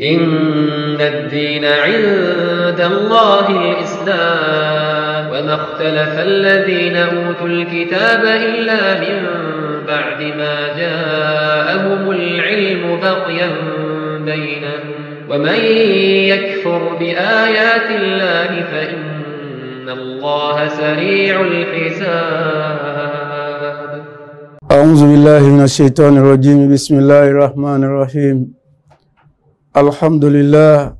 إن الدين عند الله الإسلام وما اختلف الذين أوتوا الكتاب إلا من بعد ما جاءهم العلم بقيا بينهم ومن يكفر بآيات الله فإن الله سريع الحساب أعوذ بالله من الشيطان الرجيم بسم الله الرحمن الرحيم الحمد لله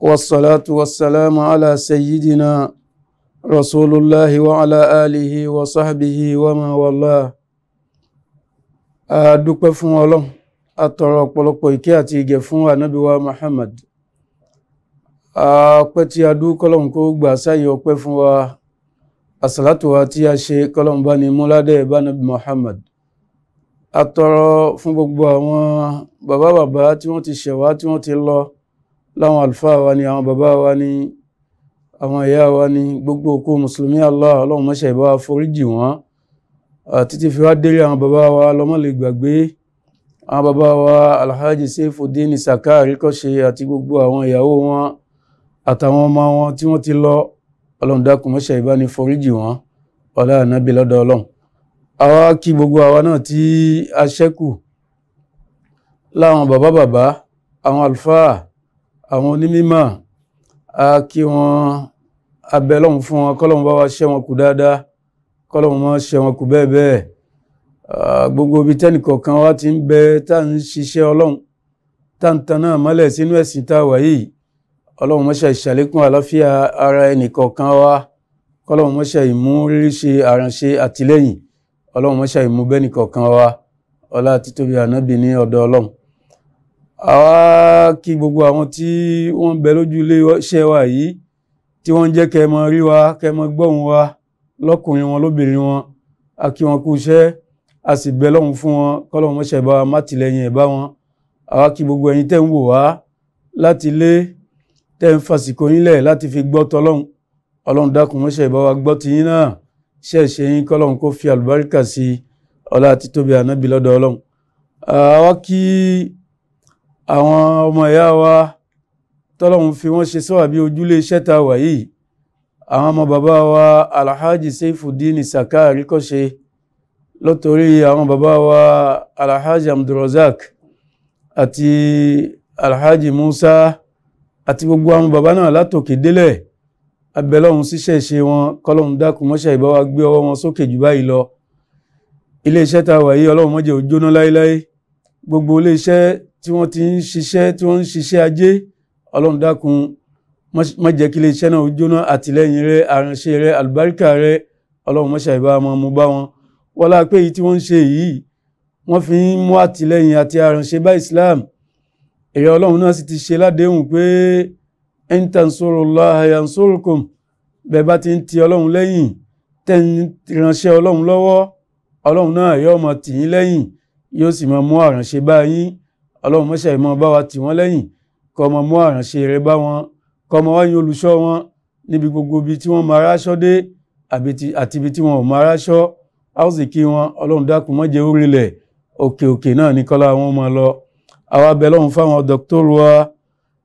والصلاة والسلام على سيدنا رسول الله وعلى آله وصحبه وما والاه adúpẹ́ fún Ọlọ́run atọrọ ọ̀pọ̀lọpọ̀ ìkẹ́ àti ìgẹ̀ fún ànábì wa Muhammad ọpẹ́ tí a dú kọ́lọ̀n kó gbà sáyé ọpẹ́ fún wa àsàlátù wa tí a ṣe kọ́lọ̀n bá ní múládẹ́ ìbánabi Muhammad àtọrọ fún gbogbo àwọn bàbá bàbá tí wọ́n ti ṣẹ̀wá tí wọ́n ti lọ láwọn àlùfáà wa ni àwọn bàbá wa ni àwọn ìyá wa ni gbogbo òkú mùsùlùmí Allah ọlọ́run má ṣe bá wa foríjì wọ́n títí fi wá délé àwọn bàbá wa lọ́mọ lè gbàgbé àwọn bàbá wa alhaji Saifuddin Saka Àríkọ́ṣe àti gbogbo àwọn ìyàwó wọn àtàwọn ọmọ wọn tí wọ́n ti lọ ọlọ́run dákun má ṣe bá ní foríjì wọ́n ọlọ́run àwa kí gbogbo àwa náà tí a ṣẹ́kù láwọn bàbá bàbá àwọn àlùfáà àwọn onímímọ̀ a kí wọn abẹ lọ́hùn fún wọn kọ́lọ́hùn bá wa ṣẹ́ wọn kù dáadáa kọ́lọ́hùn mọ́ ṣẹ́ wọn kù bẹ́ẹ̀ bẹ́ẹ̀ gbogbo ibi tẹ́nìkọ̀ọ̀kan wa ti ń bẹ tá ń ṣiṣẹ́ ọlọ́hùn táǹtàn náà mọ́lẹ̀ sínú ẹ̀sìn tá a wà yìí ọlọ́hùn mọ́ṣẹ́ ìṣàlékún àlàáfíà ara ẹnìkọ̀ọ̀kan wa kọ́lọ́hùn mọ́ṣẹ́ ìmú àránṣe àtìlẹ́yìn ọlọ́run mọ́ṣá ìmúbẹ́nì kọ̀ọ̀kan wa ọlá títóbi ànábì ní ọ̀dọ̀ ọlọ́run àwa kí gbogbo àwọn tí wọ́n ń bẹ lójú ilé wa yìí tí wọ́n jẹ́ kẹ́ rí wa kẹ́ mọ gbọ́hùn wa lọ́kùnrin wọn lóbìnrin wọn a kí wọn kú iṣẹ́ a sì bẹ lọ́hùn fún wọn kọ́lọ́run mọ́ṣá ìbá wa mátìlẹ́yìn ẹ̀bá wọn àwa kí gbogbo ẹ̀yin tẹ́ ń wò wá láti ilé tẹ́ ń fàsìkò yín lẹ̀ láti fi gbọ́ tọlọ́hun ọlọ́run dákun mọ́ṣá ìbá wa gbọ́ tiyín náà iṣẹ́ ṣe yín kọ́lọ́hún kó fi àlùbáríkà sí ọlá àti tóbi ànábì lọ́dọ̀ ọlọ́hun àwa kí àwọn ọmọ ìyá wa tọ́lọ́hún fi wọ́n ṣe sọ́wàbí ojúlé iṣẹ́ ta wà yìí àwọn ọmọ bàbá wa alhaji seifuddin saka àríkọ́ṣe lọ́tọ̀rí àwọn bàbá wa alhaji abdulrozak àti alhaji musa àti gbogbo àwọn bàbá náà látòkè délẹ̀ abẹ́lọ́run ṣíṣẹ́ ṣe wọn kọ́lọ́run dákun mọ́ṣẹ́ ìbáwá gbé ọwọ́ wọn sókè jù báyìí lọ iléeṣẹ́ tá a wà yìí ọlọ́run mọ́jẹ̀ ò jóná láéláé gbogbo iléeṣẹ́ tí wọ́n ti ń ṣiṣẹ́ tí wọ́n ń ṣiṣẹ́ ajé ọlọ́run dákun mọ́jẹ̀ kí iléeṣẹ́ náà ò jóná àtìlẹ́yìn rẹ àránṣe rẹ àlùbáríkà rẹ ọlọ́run mọ́ṣẹ́ ìbá wọn mú bá wọn wọ́lá pé èyí tí wọ́n ń ṣe yìí wọ́n fi ń mú àtìlẹ́yìn àti àránṣe bá Islam èrè ọlọ́run náà sì ti ṣe ládéhùn pé in tansurullaha yansurkum bẹ́ẹ̀ bá ti ń ti ọlọ́run lẹ́yìn tẹ́ ọlọ́run lọ́wọ́ ọlọ́run náà yóò máa tì yín lẹ́yìn yóò sì máa mú àránṣe bá yín ọlọ́run mọ́ṣẹ́ ìmọ̀ bá wa tì wọ́n lẹ́yìn kó máa mú àránṣe rẹ bá wọn kó máa wáyé olùṣọ́ wọn níbi gbogbo ibi tí wọ́n máa ráṣọ́ dé àti ibi tí wọn ò máa ráṣọ́ áùsìkí wọn ọlọ́run dákun má jẹ́ orílẹ̀ òkè òkè náà ní kọ́lá wọn máa lọ àwa bẹ̀ lọ́run fáwọn dọ́kítọ́rù wa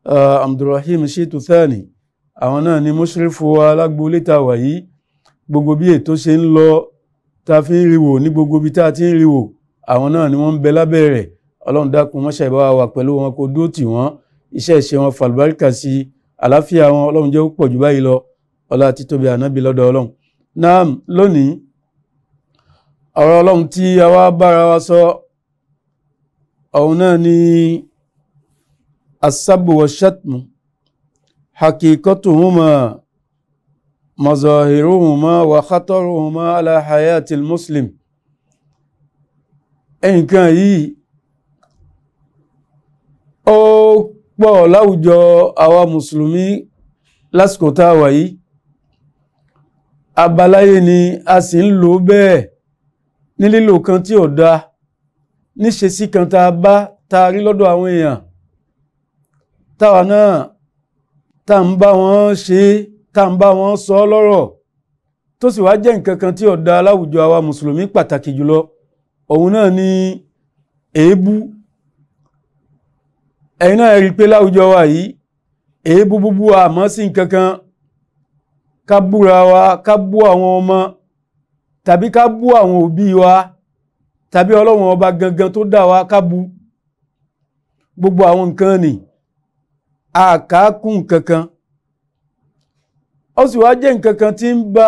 Uh, Abdulrahim Shitu Thani àwọn náà ni mọ́ṣírífò alágbólétà wà yìí gbogbo bí ètò ṣe ń lọ ta fi ń riwò ní gbogbo bí tá ti ń riwò àwọn náà ni wọ́n ń bẹ lábẹ́ rẹ̀ ọlọ́run dákun mọ́ṣẹ́ ìbá wa pẹ̀lú wọn kó dúró tì wọ́n iṣẹ́ ìṣe wọn fàlùbáríkà sí àlàáfíà wọn ọlọ́run jẹ́ ó pọ̀ jù báyìí lọ ọlá ni السب والشتم حقيقتهما مظاهرهما وخطرهما على حياة المسلم nǹkan yìí ó pọ̀ láwùjọ àwa mùsùlùmí lásìkò tá a wà yìí abaláyé ni a sì ń lò bẹ́ẹ̀ ní lílò kan tí ò dáa níṣe sí kan tá a bá taari lọ́dọ̀ àwọn èèyàn táwa náà tá ń bá wọn ṣe tá ń bá wọn sọ lọ́rọ̀ tó sì wá jẹ́ nǹkan kan tí ó dá àwa mùsùlùmí pàtàkì jùlọ òun náà ni èébú ẹ̀yin náà rí i pé láwùjọ wa yìí èébú búbú àmọ́ sí nǹkan kan ká búra wa ká bú àwọn ọmọ tàbí ká bú àwọn òbí wa tàbí ọlọ́wọ̀n ọba gangan tó dá wa ká bú gbogbo àwọn nǹkan nìí àkákùn kankan ó sì wá jẹ́ nǹkan kan tí ń ba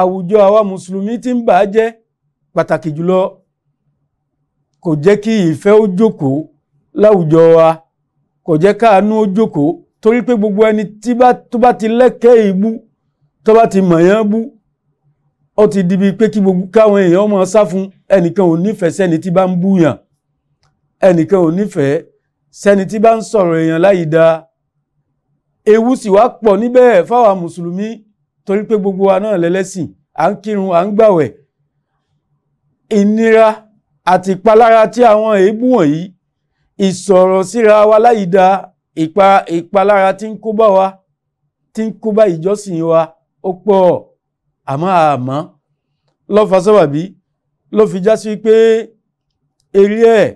àwùjọ àwa mùsùlùmí tí ń bà á jẹ́ pàtàkì jùlọ kò jẹ́ kí ìfẹ́ ó jókòó láwùjọ wa kò jẹ́ káàánú ó jókòó torí pé gbogbo ẹni tó bá ti lẹ́kẹ̀ẹ́ ìbú tó bá ti mọ̀yán bú ó ti di bíi pé kí gbogbo káwọn èèyàn máa sá fún ẹnìkan ò nífẹ̀ẹ́ sẹ́ni tí bá ń búyàn ẹnìkan ò nífẹ̀ẹ́ sẹ́ni tí bá ń sọ̀rọ̀ èèyàn láyìí dáa ewu sì wá pọ̀ níbẹ̀ fáwa mùsùlùmí torí pé gbogbo wa náà lẹ́lẹ́sìn à ń kírun à ń gbàwẹ̀ ìnira àti ìpalára tí àwọn èébú wọ̀nyí ìsọ̀rọ̀ síra wa láyìída ìpalára tí ń kó bá wa tí ń kó bá ìjọsìn wa ó pọ̀ àmọ́ àmọ́ lọ́fà sábàbí ló fi já sí pé eré ẹ̀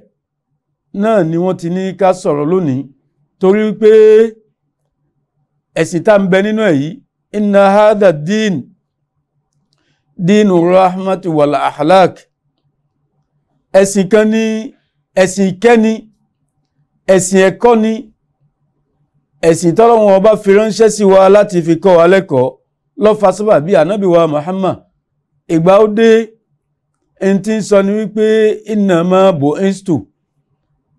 náà ni wọ́n ti ní ká sọ̀rọ̀ lónìí torí pé ẹ̀sìn tá ń bẹ nínú èyí inna hadha din dinu rahmatu wal ahlak ẹ̀sìn kan ní ẹ̀sìn ìkẹ́ni ẹ̀sìn ẹ̀kọ́ ni ẹ̀sìn tọ́lọ́wọ́n ọba fi ránṣẹ́ sí wa láti fi kọ́ wa lẹ́kọ̀ọ́ lọ́fà sábà bíi ànábì wa Muhammad ìgbà ó dé ẹni tí ń sọ ni wípé innama bu'istu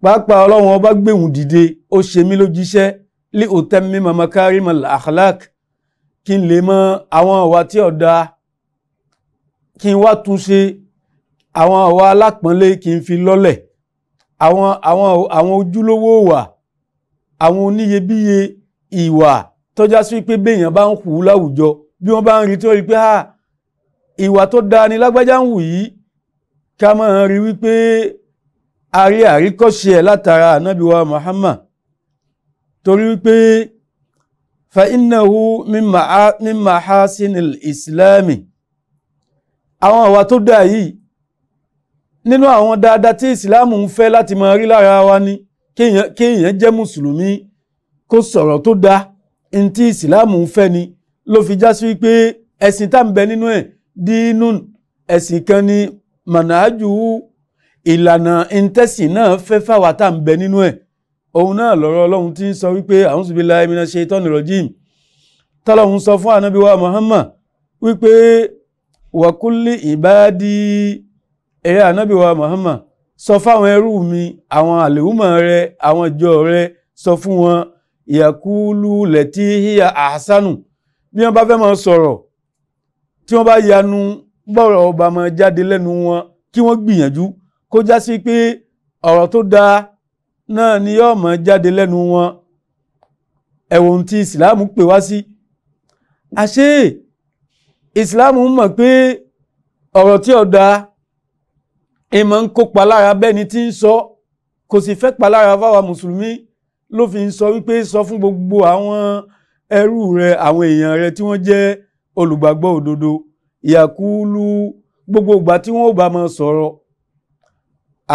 pàápàá ọlọ́wọ́n ọba gbéhùn dìde ó ṣe mí lójíṣẹ́ li utammima makarimal akhlaq kí n lè mọ àwọn ìwà tí ó dáa kí n wá tún ṣe àwọn ìwà alápọ̀nlé kí n fi lọ́lẹ̀ àwọn àwọn àwọn ojúlówó wà àwọn oníyebíye ìwà tọ́já sí pé béèyàn bá ń hù láwùjọ bí wọ́n bá ń rí tó rí pé ìwà tó dáa ni lágbájá ń hù yìí ká máa rí wípé a rí àríkọ́ṣe ẹ̀ látara ànábìwá Muhammad torí wípé fa innahu min mahasinil islami àwọn àwa tó dáa yìí nínú àwọn dáadáa tí ìsìláàmù ń fẹ́ láti máa rí lára wa ni kéèyàn jẹ́ mùsùlùmí kó sọ̀rọ̀ tó dáa ní tí ìsìláàmù ń fẹ́ ni ló fi já sí wípé ẹ̀sìn tá nínú ẹ̀ dínún ẹ̀sìn kan ni mànájú ìlànà ìntẹ́sìn náà fẹ́ fáwa tá nínú ẹ̀ òun náà lọ́rọ̀ ọlọ́run tí ń sọ wípé a'udhu billahi minash shaitani rajim tọ́lọ́run sọ fún ànábì wa wípé wa kulli ibadi ẹ̀yà ànábì wa Muhammad sọ fáwọn ẹrú mi àwọn àlèhùmọ̀ rẹ àwọn ìjọ rẹ sọ fún wọn ìyàkúlù lẹ́tí híyà àhásánù bí wọ́n bá fẹ́ máa sọ̀rọ̀ tí wọ́n bá yanu bọ́rọ̀ ọba máa jáde lẹ́nu wọn kí wọ́n gbìyànjú kó já sí pé ọ̀rọ̀ tó dáa náà ni yóò mọ̀ jáde lẹ́nu wọn ẹ̀wọ̀n tí ìsìláàmù pè wá sí àṣé ìsìláàmù mọ̀ pé ọ̀rọ̀ tí ọ̀dà ìmọ̀ ń kópa lára bẹ́ni tí ń sọ kò sì fẹ́ pa lára fáwa mùsùlùmí ló fi ń sọ wípé sọ fún gbogbo àwọn ẹrú rẹ àwọn èèyàn rẹ tí wọ́n jẹ́ olùgbàgbọ́ òdodo ìyàkúlù gbogbo ìgbà tí wọ́n ò bá máa sọ̀rọ̀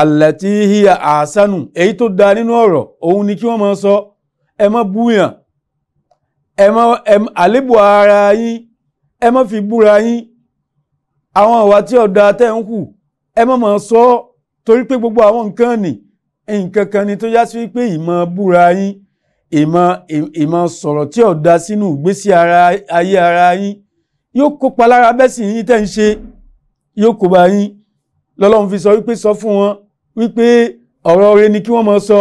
àlàtí híyà àsánù èyí tó da nínú ọ̀rọ̀ òun ni kí wọ́n máa sọ ẹ má búyàn ẹ má àlébù ara yín ẹ má fi búra yín àwọn ìwà tí ọ̀dà tẹ̀ ń hù ẹ má máa sọ ọ́ torí pé gbogbo àwọn nǹkan nì nǹkan kan ni tó yá sí pé ìmọ̀ búra yín ìmọ̀ ìmọ̀ sọ̀rọ̀ tí ọ̀dà sínú ìgbésí ayé ara yín yóò kópa lára bẹ́sìn yín tẹ́ ń ṣe yóò kópa yín lọ́lọ́run fi sọ wípé sọ fún wọn wípé ọ̀rọ̀ rẹ ni kí wọ́n mọ sọ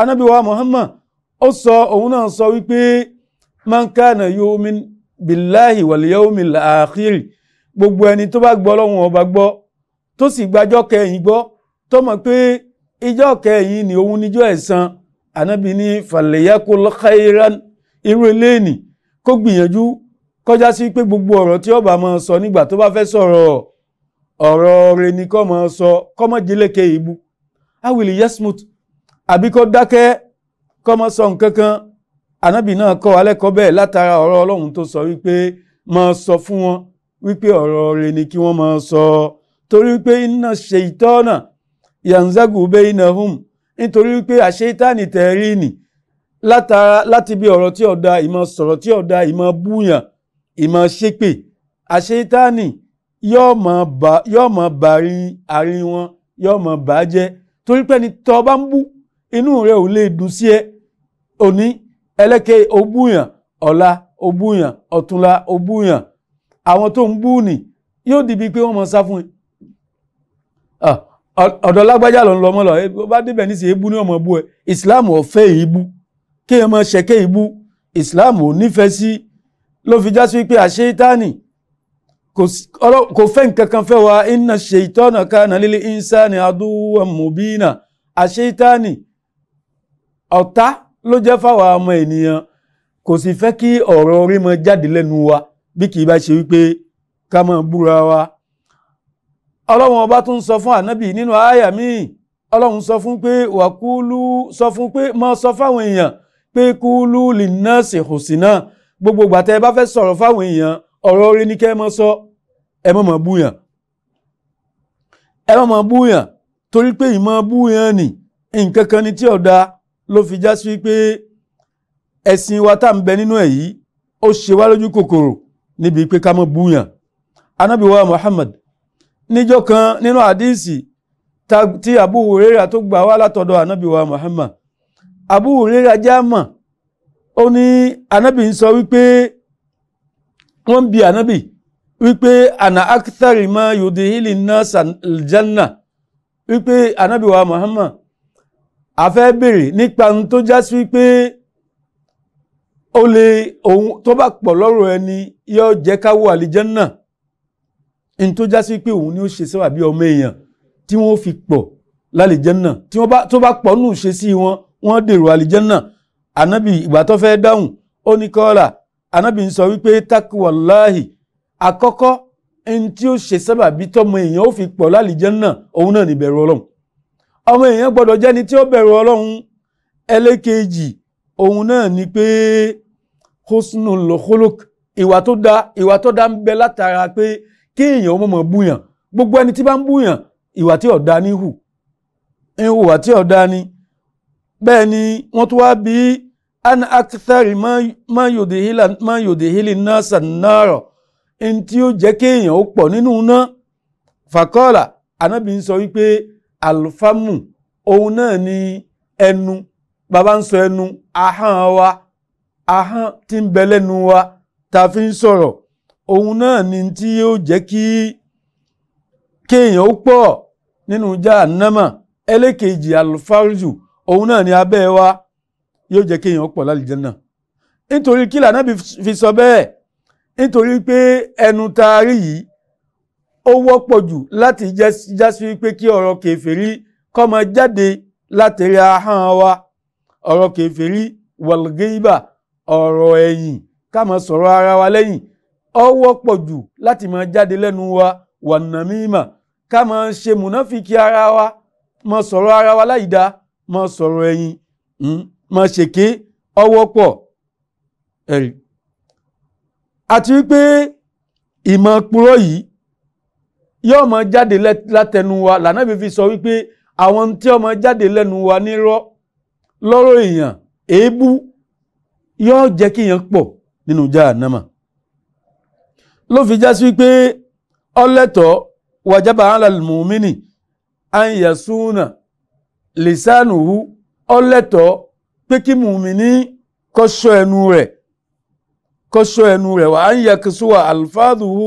anábì wa Muhammad ó sọ òun náà sọ wípé man kana yu'min billahi wal yawmil akhir gbogbo ẹni tó bá gbọ́ ọlọ́run ọba gbọ́ tó sì gbàjọ́ kẹyìn gbọ́ tó mọ̀ pé ìjọ́ kẹyìn ni òun níjọ́ ẹ̀san anábì ní falyakul khairan irú eléyìí kó gbìyànjú kọjá sí pé gbogbo ọ̀rọ̀ tí ó bá sọ nígbà tó bá fẹ́ sọ̀rọ̀ ọ̀rọ̀ rẹ̀ ni kọ́ mọ̀ sọ kọ́ mọ̀ jílẹ̀kẹ́ ìbú awìlì yasmut àbí kọ́ dákẹ́ kọ́ mọ̀ sọ nǹkan kan ànábì náà kọ́ wa lẹ́kọ̀ọ́ bẹ́ẹ̀ látara ọ̀rọ̀ ọlọ́run tó sọ wípé mọ̀ sọ fún wọn wípé ọ̀rọ̀ rẹ̀ ni kí wọ́n mọ̀ sọ torí pé inna shaytana yanzagu bainahum nítorí pé àṣetáni tẹ̀rí nì látara láti bí ọ̀rọ̀ tí ọ̀dà ìmọ̀ sọ̀rọ̀ tí ọ̀dà ìmọ̀ búyàn ìmọ̀ ṣépè àṣetáni yóò mọ̀ bá yóò mọ̀ bá àárín wọn yóò mọ̀ bá jẹ́ torí pé ni tọ́ bá ń bú inú rẹ̀ ò lè dùn sí ẹ òní ẹlẹ́kẹ̀ ogúnyàn ọ̀la ogúnyàn ọ̀túnla ogúnyàn àwọn tó ń bú ni yóò dìbí pé wọ́n mọ̀ sá fún ẹ ọ̀dọ̀ lágbájá ló ń lọ mọ́ lọ bá débẹ̀ ní sí ebú ní ọmọ bú ẹ ìsìláàmù ọ̀fẹ́ ìbú kéèyàn mọ̀ ṣẹ̀kẹ́ ìbú ìsìláàmù ò nífẹ̀ẹ́ sí ló fi já sí pé àṣẹ ìtánì kò fẹ́ nǹkan kan fẹ́ wa inna ṣèitọ́nà kana lil insani aduwwan mubina àṣeitánì ọ̀tá ló jẹ́ fáwọn ọmọ ènìyàn kò sì fẹ́ kí ọ̀rọ̀ orí mọ jáde lẹ́nu wa bí kì í bá ṣe wípé ká máa búra wa. ọlọ́run ọba tún sọ fún ànábì nínú àyà míì ọlọ́run sọ fún pé wàkúlù sọ fún pé máa sọ fáwọn èèyàn pé kúlù linnasi husna gbogbo ìgbà tẹ́ ẹ bá fẹ́ sọ̀rọ̀ fáwọn èèyàn ọ̀rọ̀ orí ni kẹ́ ẹ sọ ẹ má máa búyàn ẹ má máa búyàn torí pé ìmọ̀ búyàn ni nǹkan kan ni tí ọ̀dà ló fi já sí pé ẹ̀sìn wa tá à ń bẹ nínú ẹ̀ yìí ó ṣe wá lójú kòkòrò níbi pé ká má búyàn anábìwá Muhammad níjọ́ kan nínú àdíìsì tí Abu Huraira tó gbà wá látọ̀dọ̀ anábìwá Muhammad Abu Huraira ó ní anábì ń sọ wípé wọ́n ń bi anábì wípé ana akitari ma yudhili nasa aljanna wípé anabiwa muhammad afẹ́ bèrè nípa ohun tó já sí wípé ó lè ohun tó bá pọ̀ lọ́rọ̀ ẹni yóò jẹ́ ká wọ àlìjánná ohun tó já sí wípé òun ni ó ṣe sábà bí ọmọ èèyàn tí wọ́n fi pọ̀ lálìjánná tí wọ́n bá tó bá pọ̀ nù ṣe sí wọn wọ́n dèrò àlìjánná anabi ìgbà tó fẹ́ dáhùn ó ní kọ́ra anabi ń sọ wípé takuwallahi àkọ́kọ́ ẹni tí ó ṣe sábàbí tọmọ èèyàn ó fi pọ̀ lálìjánnà òun náà ní bẹ̀rù ọlọ́run ọmọ èèyàn gbọ́dọ̀ jẹ́ni tí ó bẹ̀rù ọlọ́run ẹlẹ́kejì òun náà ni pé husnul khuluq ìwà tó dá ìwà tó dá ń bẹ látara pé kéèyàn ó mọ̀mọ̀ búyàn gbogbo ẹni tí bá ń búyàn ìwà tí ọ̀dá ní hù ìwà tí ọ̀dá ní bẹ́ẹ̀ ni wọ́n tó wá bí an akthari ma yòdìhìlì náà ẹni tí ó jẹ́ kéèyàn ó pọ̀ nínú iná fàkọ́ọ̀là anábì ń sọ wípé alfamu òun náà ni ẹnu bàbá ń sọ ẹnu ahọ́n wa ahọ́n tí ń bẹ lẹ́nu wa ta fi ń sọ̀rọ̀ òun náà ni tí ó jẹ́ kí kéèyàn ó pọ̀ nínú jahannama ẹlẹ́kejì alfarju òun náà ni abẹ́ wa yóò jẹ́ kéèyàn ó pọ̀ lálìjẹ́ náà nítorí kí lànà fi sọ bẹ́ẹ̀ nítorí pé ẹnu ta rí yìí ó wọ́pọ̀ jù láti jásí pé kí ọ̀rọ̀ kèfèrí kó máa jáde látẹ̀rí ahọ́n wa ọ̀rọ̀ kèfèrí wọ̀lgíbà ọ̀rọ̀ ẹ̀yìn ká máa sọ̀rọ̀ ara wa lẹ́yìn ó wọ́pọ̀ jù láti máa jáde lẹ́nu wa wànàmímà ká máa ṣe múnáfíkì ara wa máa sọ̀rọ̀ ara wa láì dá máa sọ̀rọ̀ ẹ̀yìn hmm, máa ṣèké ó ẹ̀rí àti wípé ìmọ̀ purọ́ yìí yóò mọ jáde látẹnu wa lànàbí fi sọ wípé àwọn tí ó mọ jáde lẹ́nu wa nírọ́ lọ́rọ̀ èèyàn èébú yóò jẹ́ kí èèyàn pọ̀ nínú jahannama ló fi já sí wípé ọlẹ́tọ̀ wàjábà alal mu'mini an yasuna ọlẹ́tọ̀ pé kí mùmíní kó ẹnu rẹ̀ kó sọ ẹnu rẹ̀ wá ń yẹ kí sọ wà alfadhuhu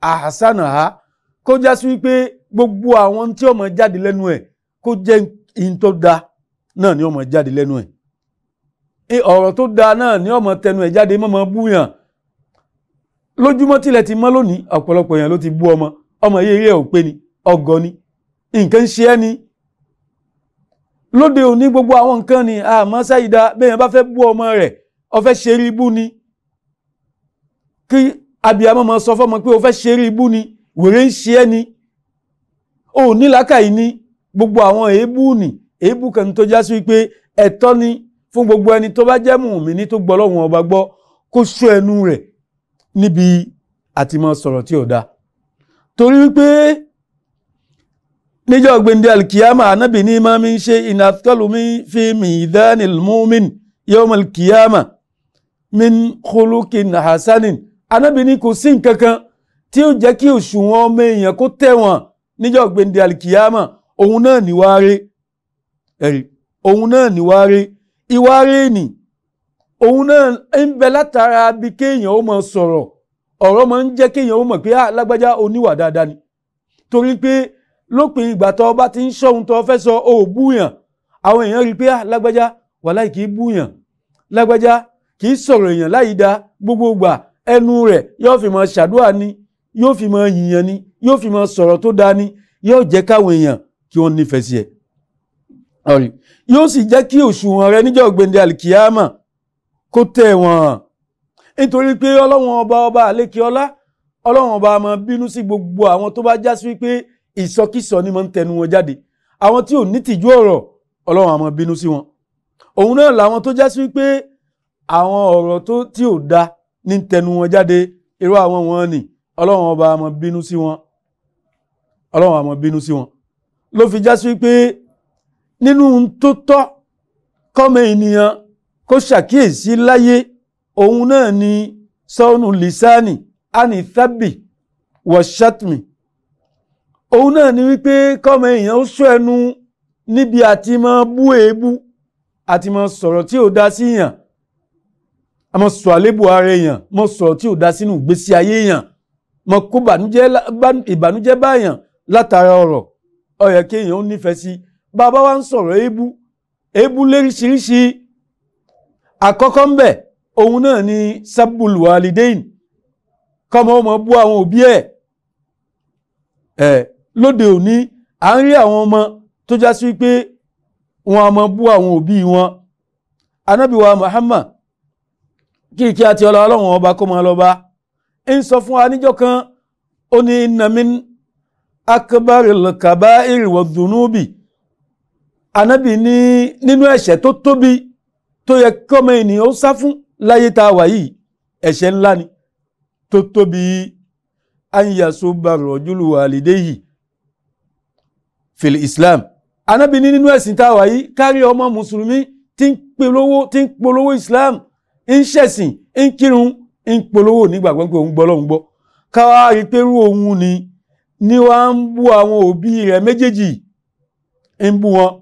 ahsanaha kó já sí wípé gbogbo àwọn tí ó jáde lẹ́nu ẹ̀ kó jẹ́ in tó da náà ni ó máa jáde lẹ́nu ẹ̀ ọ̀rọ̀ tó da náà ni ó máa tẹnu ẹ̀ jáde mọ́mọ́ búyàn lójúmọ́ tilẹ̀ ti mọ́ lónìí ọ̀pọ̀lọpọ̀ èèyàn ló ti bú ọmọ ọmọ yìí rí ò pé ni ọgọ́ ni nǹkan ń ṣe ẹ́ ni lóde òní gbogbo àwọn nǹkan ni àmọ́ sáyidá bẹ́ẹ̀ bá fẹ́ bú ọmọ rẹ̀ o fẹ́ ṣe rí ibú ni kí abiyamọ máa sọ fọmọ pé o ṣe rí ibú ni wèrè ń ṣe ẹ́ ni o ní làákàyè ni gbogbo àwọn èébú ni èébú kan tó já sí pé ẹ̀tọ́ ni fún gbogbo ẹni tó bá jẹ́ mùmíní tó gbọ́ lọ́wọ́n ọba gbọ́ kó sọ ẹnu rẹ̀ níbi àti máa sọ̀rọ̀ tí ò dáa torí wípé níjọ́ gbèndé alkiyama anábì ní máa mi ń ṣe ìnàkọlùmí fi mìdánilmúmin yawm alkiyama min khuluqin hasanin anábì ní kò sí nǹkan kan tí ó jẹ́ kí òṣùwọ̀n ọmọ èèyàn kó tẹ̀wọ̀n níjọ́ gbèǹde alikiyama òun náà níwá rí ẹ̀rí òun náà níwá rí ìwá rí ni òun náà ń bẹ látara bí kéèyàn ó mọ sọ̀rọ̀ ọ̀rọ̀ máa ń jẹ́ kéèyàn ó mọ̀ pé alágbájá ah, oníwà dáadáa ni torí pé lópin ìgbà tó bá ti ń sọ ohun tó fẹ́ sọ ò búyàn àwọn èèyàn rí i pé alágbájá ah, wàláì kì í búyàn lágbájá kì í sọ̀rọ̀ èèyàn láyìí dá gbogbogbà ẹnu rẹ̀ yóò fi máa ṣàdúrà ni yóò fi máa yìnyàn ni yóò fi máa sọ̀rọ̀ tó dáa ni yóò jẹ́ káwọn èèyàn kí wọ́n nífẹ̀ẹ́ sí ẹ̀ ọ̀rì yóò sì jẹ́ kí òṣùwọ̀n rẹ níjọ́ gbẹ̀ndẹ̀ alikiyama kó tẹ̀ wọ́n nítorí pé ọlọ́wọ́n ọba ọba àlékè ọlá ọlọ́wọ́n ọba máa bínú sí gbogbo àwọn tó bá já sí pé ìsọkísọ ni máa ń tẹnu wọn jáde àwọn tí ò ní tìjú ọ̀rọ̀ ọlọ́wọ́n á bínú sí wọn òun náà làwọn tó já sí pé àwọn ọ̀rọ̀ tó tí ò da ní tẹnu wọn jáde irú àwọn wọn ni ọlọ́run ọba á máa bínú sí wọn ọlọ́run á máa bínú sí wọn ló fi já sí pé nínú tó tọ́ kọ́mọ ènìyàn kó ṣàkíyèsí láyé òun náà ni sọ́ọ̀nù lisani anithabi washatmi òun náà ni wípé kọ́mọ èèyàn ó sọ ẹnu níbi àti máa bú èébú àti máa sọ̀rọ̀ tí ò dá síyàn a mọ sọ àlébù ara èèyàn mọ sọ̀rọ̀ tí ò dá sínú ìgbésí ayé èèyàn mọ kó ìbànújẹ́ báyàn látara ọ̀rọ̀ ó yẹ kí èèyàn ó nífẹ̀ẹ́ sí bàbá wa ń sọ̀rọ̀ èébú èébú léríṣiríṣi àkọ́kọ́ ńbẹ òun náà ni sábùlù alidein kọ́mọ ọmọ bú àwọn òbí ẹ̀ ẹ̀ lóde òní à ń rí àwọn ọmọ tó já sí pé wọn a mọ bú àwọn òbí wọn anábìwa Muhammad kíkí àti ọlọ ọlọ́run ọba kó máa lọ bá ń sọ fún wa níjọ́ kan ó ní namin akbaril kabair wa dhunubi anabi ní nínú ẹ̀ṣẹ̀ tó tóbi tó yẹ kọ́mọ ènìyàn ó sá fún láyé tá a wà yìí ẹ̀ṣẹ̀ ńlá ni tó tóbi an yasubba rajulu walidayhi fil islam anabi ní nínú ẹ̀sìn tá a wà yìí kárí ọmọ mùsùlùmí tí ń polówó islam ń ṣẹ̀sìn ń kírun ń polówó nígbàgbọ́ pé òun gbọ́ lọ́hùn ni ni wá ń bú àwọn òbí rẹ̀ méjèèjì ń bú wọn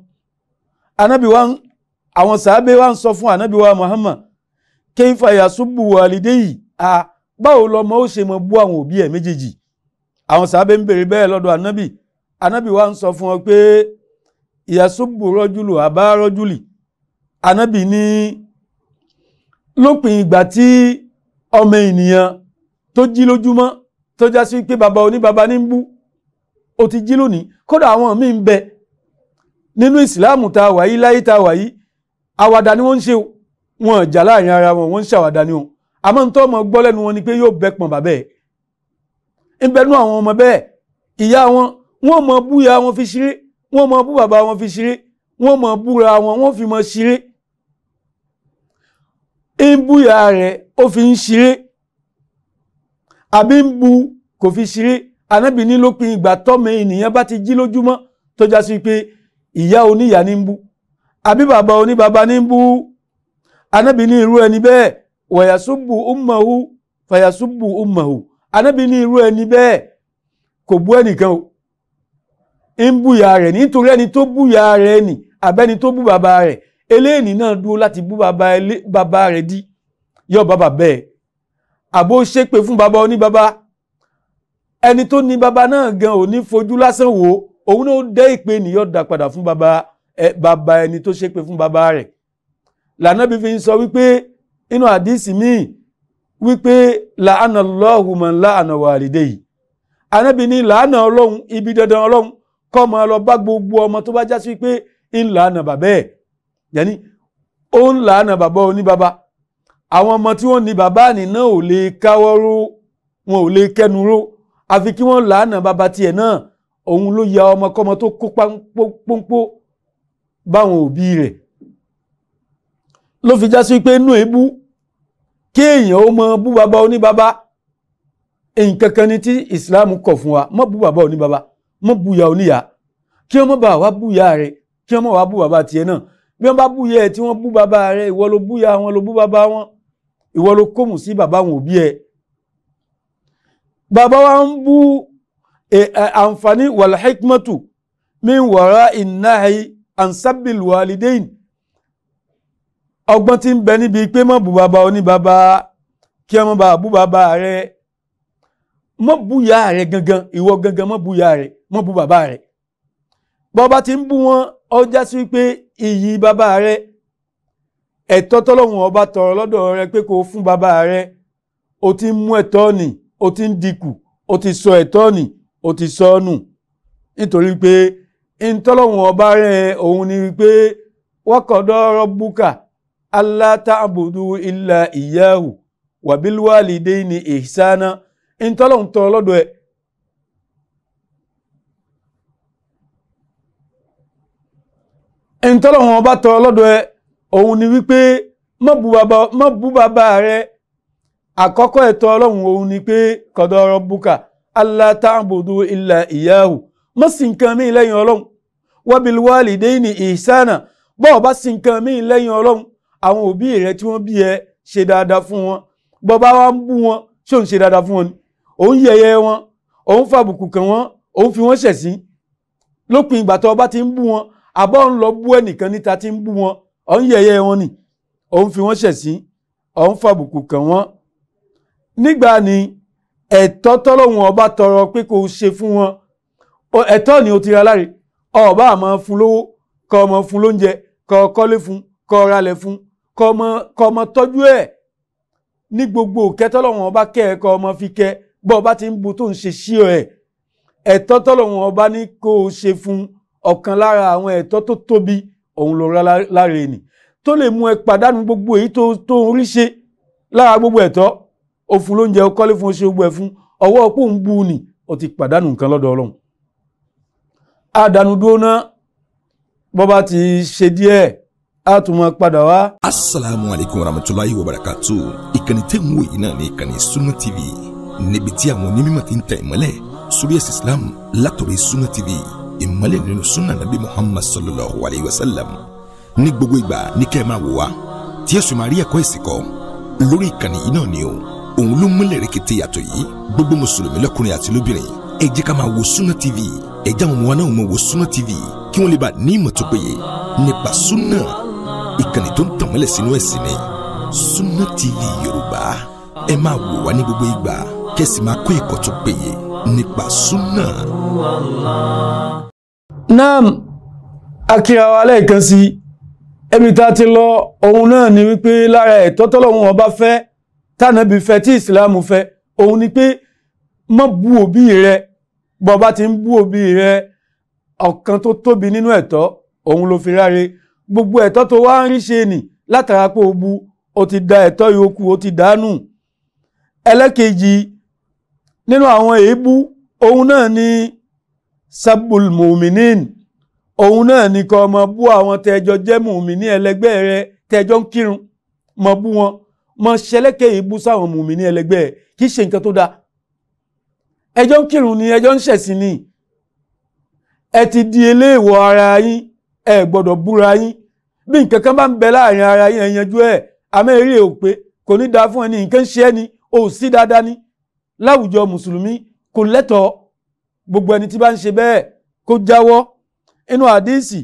anábì wa àwọn sàábé wa ń sọ fún anábì wa Muhammad yasubu walideyi a báwo lọmọ ó ṣe mọ bú àwọn òbí ẹ̀ méjèèjì àwọn sàábé ń bèrè bẹ́ẹ̀ lọ́dọ̀ anábì Anabi wa ń sọ fún ọ pé yasubu rọ́júlù àbá rọ́júlì lópin ìgbà tí ọmọ ènìyàn tó jí lójúmọ́ tó já sí pé bàbá oníbàbá ní ń bú ó ti jí lónìí kódà àwọn míì ń bẹ nínú ìsìláàmù tá a wà yí láyé tá a wà yí àwàdà ni wọ́n ń ṣe wọn ọ̀jà láàrin ara wọn wọ́n ń ṣàwàdà ni o àmọ́ nítorí ọmọ gbọ́ lẹ́nu wọn ni pé yóò bẹ́ bàbẹ́ ẹ̀ ń bẹnu àwọn ọmọ bẹ́ẹ̀ ìyá wọn wọ́n mọ búya wọn fi ṣeré wọ́n mọ bú bàbá wọn fi ṣeré wọ́n mọ búra wọn wọ́n fi mọ ṣeré ń búyà rẹ̀ ó fi ń ṣeré àbí ń bu kò fi ṣeré anábì ní lópin ìgbà tọ́mọ ènìyàn bá ti jí lójúmọ́ tó já sí pé ìyá oníyà ní ń bú àbí bàbá oníbàbá ní ń bú anábì ní irú ẹni bẹ́ẹ̀ wàyàsúbù ummahu fàyàsúbù ummahu anábì ní irú ẹni bẹ́ẹ̀ kò bú ẹnìkan o ń búyà rẹ̀ nítorí ẹni tó búyà rẹ̀ ni àbẹ́ni tó bú bàbá rẹ̀ eléyìí náà dúró láti bú bàbá rẹ̀ dí yọ bàbá bẹ́ẹ̀ àbó ṣépè fún bàbá oníbàbá ẹni tó ní bàbá náà gan ò ní fojú lásán wò òun náà dẹ́ ìpè nìyọ́ dà padà fún bàbá bàbá ẹni tó ṣépè fún bàbá rẹ̀ lànàbí fi ń sọ wípé inú àdìsí míì wípé làánà lọ́hùn mọ̀ láàánà wàlídé yìí ànábì ní làánà ọlọ́run ibi dandan ọlọ́run kọ́ máa lọ bá gbogbo ọmọ tó bá já pé ń bàbá ẹ̀ yẹni ó ń làánà bàbá oníbàbá àwọn ọmọ tí wọ́n ní bàbá àní náà ò lè káwọ́ ró wọn ò lè kẹnu ró àfi kí wọ́n làánà bàbá tiẹ̀ náà òun ló ya ọmọkọ́mọ tó kó pọ́npọ́ báwọn òbí rẹ̀ ló fi já pé inú èébú kí èèyàn ó mọ bú bàbá oníbàbá nǹkan kan ni tí ìsìláàmù kọ̀ fún wa mọ́ bú bàbá oníbàbá mọ́ búya oníyà kí ọmọ bá wa búya rẹ̀ kí ọmọ wa bú bàbá tiẹ̀ náà bí wọ́n bá búyẹ ẹ̀ tí wọ́n bú bàbá rẹ̀ ìwọ ló búyà wọn ló bú bàbá wọn ìwọ ló kómù sí bàbá wọn òbí ẹ̀. bàbá wa ń bú e, àǹfààní wàlhíkmọ́tù min wàrà ìnáhì ansábìlì wàlídẹ́yìn ọgbọ́n tí ń bẹ níbi pé mọ́ bú bàbá oní bàbá kí ọmọ bá bú bàbá rẹ̀ mọ́ búyà rẹ̀ gangan ìwọ gangan mọ́ búyà rẹ̀ mọ́ bú bàbá rẹ̀ bọ́ba ti ń bú wọn ọjà sí pé iyì bàbá rẹ ẹ̀tọ́ tọ́lọ́hun ọba tọrọ lọ́dọ̀ rẹ pé kó fún bàbá rẹ o ti ń mú ẹ̀tọ́ nì o ti ń dikù o ti sọ ẹ̀tọ́ nì o ti sọ nù nítorí pé ntọ́lọ́hun ọba rẹ òun ni pé wákọ̀dọ́ rọ́bùkà alátàbùdù ilà ìyáhù wàbílúwàlì dé ní ìsáná ntọ́lọ́hun tọrọ lọ́dọ̀ ẹ̀ ẹ̀ńtọ́lọ́wọ́n ọba tọ́ lọ́dọ̀ ẹ òun ni wípé má bú bàbá rẹ àkọ́kọ́ ẹ̀tọ́ ọlọ́run òun ni pé kọ̀dọ̀ ọ̀rọ̀ bùkà Allah ta'budu illa iyyahu má sì nǹkan mí lẹ́yìn ọlọ́run wabil walidayni ihsana bọ́ọ̀ bá sì nǹkan mí lẹ́yìn ọlọ́run àwọn òbí rẹ tí wọ́n bí ẹ ṣe dáadáa fún wọn bọ́ bá wá ń bú wọn ṣé òun ṣe dáadáa fún wọn ni òun yẹyẹ wọn òun fàbùkù kàn wọn òun fi wọn ṣẹ̀sín lópin ìgbà tó bá ti ń bú wọn àbọ̀ ń lọ bú ẹnìkan níta tí ń bú wọn ọ̀ ń yẹ̀yẹ́ wọn ni ọ̀ ń fi wọ́n ṣẹ̀sín ọ̀ ń fàbùkù kàn wọ́n. nígbà ni ẹ̀tọ́ tọ́lọ́hun ọba tọrọ pé kò ṣe fún wọn ẹ̀tọ́ ni o ti ra láre ọba àmọ́ fún lówó kọ́ ọmọ fún lóúnjẹ kọ́ ọ kọ́lé fún kọ́ ọ ralẹ̀ fún kọ́ ọmọ tọ́jú ẹ̀ ní gbogbo òkẹ́tọ́lọ́hun ọba kẹ́ ẹ̀ kọ́ ọmọ fi kẹ́ bọ́ ọba ti ń bu tó ń ṣe sí ẹ̀ ẹ̀tọ́ tọ́lọ́hun ọba ní kó ṣe fún un ọ̀kan lára àwọn ẹ̀tọ́ tó tóbi òun ló rá lára ẹni tó lè mú ẹ pàdánù gbogbo èyí tó ń rí ṣe lára gbogbo ẹ̀tọ́ ó fún lóúnjẹ ó kọ́lé fún ó gbogbo ẹ̀ fún ọwọ́ ọpọ́ ń bu ni ó ti pàdánù nǹkan lọ́dọ̀ ọlọ́run àdánù náà bọ́ bá ti ṣe díẹ̀ a tún máa padà wá. asalaamualeykum warahmatulahi wabarakatu ìkànnì tẹ́ ń yìí náà ní ìkànnì Sunna TV níbi tí àwọn onímọ̀ ti ń tẹ̀ mọ́lẹ̀ sórí ẹ̀sìn Islam látọ̀rẹ́ Sunna TV ìmọ́lẹ̀ nínú sunna nabi Muhammad sallallahu alayhi wa sallam ní gbogbo ìgbà ní kẹ́ ẹ máa wò wá tí ẹ sì máa rí ẹ̀kọ́ ìsìnkọ́ lórí ìkànnì yìí náà ni o òun ló múlẹ̀ rẹ̀kẹ̀tẹ̀ yàtọ̀ yìí gbogbo mùsùlùmí lọ́kùnrin àti lóbìnrin ẹ jẹ́ ká máa wo súnà TV ẹ jẹ́ àwọn ọmọ náà máa wo súnà TV kí wọ́n lè bá ní ìmọ̀ tó péye nípa súnà ìkànnì tó ń tàn mọ́lẹ̀ sínú ẹ̀sìn ni súnà TV Yorùbá ẹ máa wò wá ní gbogbo ìgbà kẹ́sì máa kó ẹ̀kọ́ tó péye nípa súnà. naam akíra wa lẹ́ẹ̀kan sí ẹbí tá a ti lọ ohun náà ni wípé lára ẹ̀tọ́ tọ́lọ́hun ọba fẹ́ tànàbí fẹ́ tí ìsìlámù fẹ́ ohun ni pé má bú òbí rẹ bó ti ń bú òbí rẹ ọ̀kan tó tóbi nínú ẹ̀tọ́ òun ló fi ráre gbogbo ẹ̀tọ́ tó wá ń rí ṣe nì látara pé o bu o ti da ẹ̀tọ́ yòókù o ti dànù ẹlẹ́kejì nínú àwọn èébú òun náà ni sabul muminin òun náà ni kó máa bú àwọn tẹ́jọ jẹ́ mùmíní ẹlẹgbẹ́ rẹ tẹ́jọ ń kírun máa bú wọn máa ṣẹlẹ́kẹ̀ èébú sáwọn mùmíní ẹlẹgbẹ́ rẹ kì í ṣe nǹkan tó dáa ẹjọ́ ń kírun ni ẹjọ́ ń ṣẹ̀sìn ni ẹ ti di eléèwọ̀ ara yín ẹ gbọ́dọ̀ búra yín bí nǹkan kan bá ń bẹ láàrin ara yín ẹ yanjú ẹ̀ àmọ́ ò pé kò ní dáa fún ẹ ní nǹkan ṣe ẹ ni ò sí dáadáa ni láwùjọ mùsùlùmí kò lẹ́tọ̀ọ́ gbogbo ẹni tí bá ń ṣe bẹ́ẹ̀ kó jáwọ́ inú àdíìsì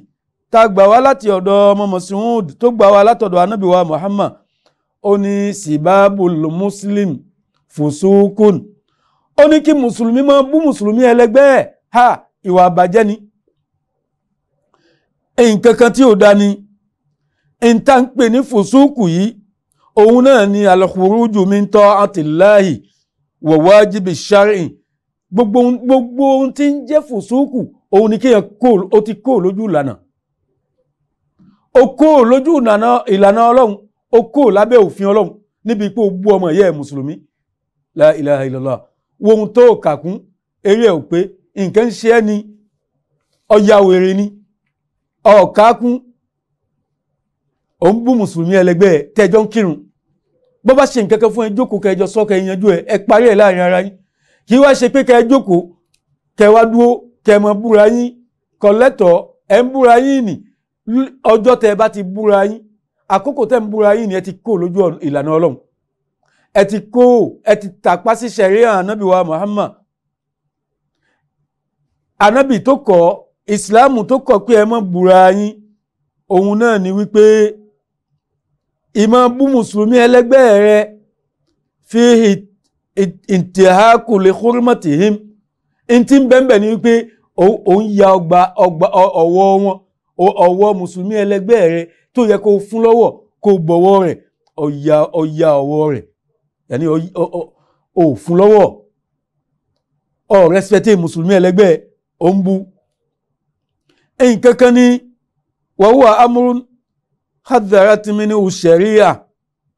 tá gbà wá láti ọ̀dọ̀ ọmọ Mas'ud tó gbà wá látọ̀dọ̀ anábì Muhammad ó ní sibabul muslim fusukun ó ní kí mùsùlùmí máa bú mùsùlùmí ẹlẹgbẹ́ ẹ̀ ha ìwà àbàjẹ́ ni nǹkan kan tí ò da ni nta ń pè ní fùsùkù yìí òun náà ni al-khuruju min ta'atillahi wọ̀wájibì ṣárìn gbogbo gbogbo ohun tí ń jẹ́ fòsókù òun ni kéèyàn kó o ti kó lójú ìlànà o kó lójú ìlànà ọlọ́run o kó lábẹ́ òfin ọlọ́run níbi pé o bú ọmọ ìyá ẹ̀ mùsùlùmí la ilaha wo ohun tó kàkún ni ọya wèrè ni òun bú mùsùlùmí ẹlẹgbẹ́ bọ́ bá ṣe nǹkan kan fún ẹ jókòó kẹjọ sọ kẹ yanjú ẹ ẹ parí ẹ láàrin ara yín kì wá ṣe pé kẹ jókòó kẹ wá dúró kẹ mọ búra yín ẹ ń búra yín nì tẹ bá ti búra yín àkókò tẹ ń búra yín ìlànà ẹ ti kó ẹ ti tàpá sí wa Muhammad tó kọ ìsìláàmù tó kọ pé ẹ mọ búra yín òun náà ìmọ̀ bú mùsùlùmí ẹlẹ́gbẹ́ rẹ fi ìtìhákù lè kúrúmọ̀tì him in ti ń bẹ́ẹ̀bẹ̀ ni wípé òun ya ọgbà ọwọ́ wọn ọwọ́ mùsùlùmí ẹlẹ́gbẹ́ rẹ tó yẹ kó fún lọ́wọ́ kó bọ̀wọ́ rẹ̀ ọ̀ya ọwọ́ rẹ̀ yàní o fún lọ́wọ́ ọ̀ rẹ́sipẹ́tì mùsùlùmí ẹlẹ́gbẹ́ ò ń bu nǹkan kan ní wàhùwà amúrún hadarat minhu sharia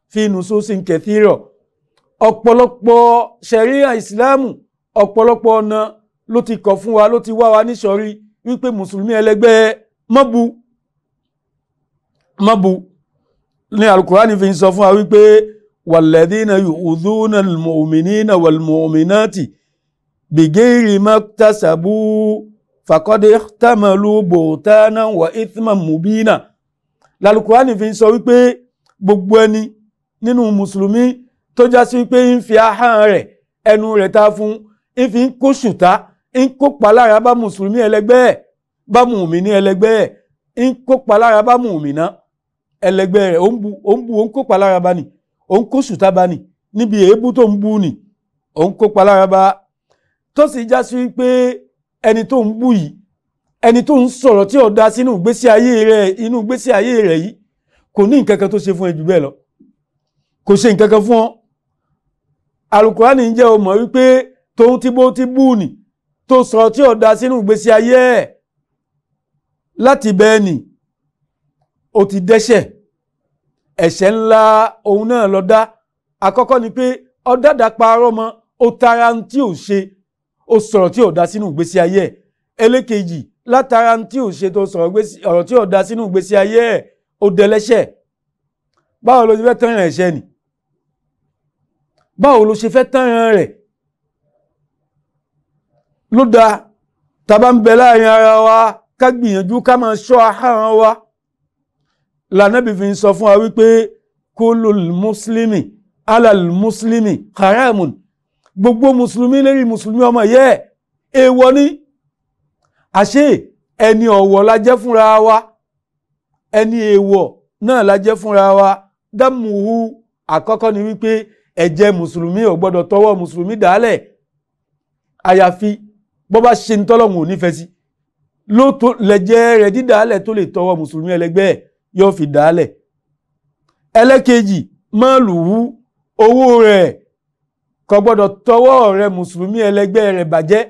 fi nususin kathira ọ̀pọ̀lọpọ̀ sharia ìsìláàmù ọ̀pọ̀lọpọ̀ ọ̀nà ló ti kọ̀ fún wa ló ti wá wa níṣọ̀rí wípé mùsùlùmí ẹlẹgbẹ́ mọ́bu mọ́bu ní alukurani fi ń sọ fún wa wípé walladhina yu'dhuna al-mu'minina wal-mu'minati bighayri maktasabu faqad ihtamalu buhtanan wa ithman mubina lálùkùránì fi ń sọ wípé gbogbo ẹni nínú mùsùlùmí tó já sí wípé ń fi ahán rẹ̀ ẹnu rẹ̀ ta fún ń fi ń kó ṣùtá ń kópa lára bá mùsùlùmí ẹlẹgbẹ́ ẹ̀ bá mùmíní ẹlẹgbẹ́ ẹ̀ ń kópa lára bá mùmíná ẹlẹgbẹ́ rẹ̀ ó ń bu ó ń kópa lára bá nì ó ń kó ṣùtá bá nì níbi èébú tó ń bú nì ó ń kópa lára bá tó sì já sí wípé ẹni tó ń bú yìí ẹni tó ń sọ̀rọ̀ tí ọ̀dá sínú ìgbésí ayé rẹ̀ inú ìgbésí ayé rẹ̀ yìí kò ní nǹkan kan tó ṣe fún ẹ jù bẹ́ẹ̀ lọ kò ṣe nǹkan kan fún ọ alukurani ń jẹ́ o mọ̀ wípé tóun ti bó ti bú nì tó sọ̀rọ̀ tí ọ̀dá sínú ìgbésí ayé ẹ̀ láti bẹ́ẹ̀ nì o ti dẹ́ṣẹ̀ ẹ̀ṣẹ̀ ńlá òun náà lọ dá àkọ́kọ́ ni pé ọ̀dàdà parọ́ mọ́ o tara tí ò ṣe o sọ̀rọ̀ tí ọ̀dá sínú ìgbésí ayé ẹ̀ ẹlẹ́kejì látara tí ò ṣe tó sọ̀rọ̀ ọ̀rọ̀ tí ò da sínú ìgbésí ayé ẹ̀ ó dẹlẹ́ṣẹ̀ báwo ló ṣe fẹ́ tán ìrìn ẹ̀ṣẹ̀ nì báwo ló ṣe fẹ́ tán ìrìn rẹ̀ ló da tá bá ń bẹ láàrin ara wa ká gbìyànjú ká máa ṣọ́ ahọ́n wa lànàbì fi sọ fún wa wípé kulul mùsùlùmí alal mùsùlùmí haramun gbogbo mùsùlùmí lérí mùsùlùmí ọmọ yẹ èèwọ̀ ni àṣé ẹni ọ̀wọ̀ la jẹ́ fúnra wa ẹni èèwọ̀ náà la jẹ́ fúnra wa dámùhù àkọ́kọ́ ni wípé ẹ̀jẹ̀ mùsùlùmí ò gbọ́dọ̀ tọwọ́ mùsùlùmí dàálẹ̀ àyàfi bó bá ṣe ń tọ́lọ́hùn ò nífẹ̀ẹ́ sí ló tó lẹ́jẹ̀ rẹ̀ dídàálẹ̀ tó lè tọwọ́ mùsùlùmí ẹlẹgbẹ́ ẹ̀ yóò fi dàálẹ̀ ẹlẹ́kejì máàlùú owó rẹ̀ kò gbọ́dọ̀ tọwọ́ rẹ̀ mùsùlùmí ẹlẹgbẹ́ rẹ̀ bàjẹ́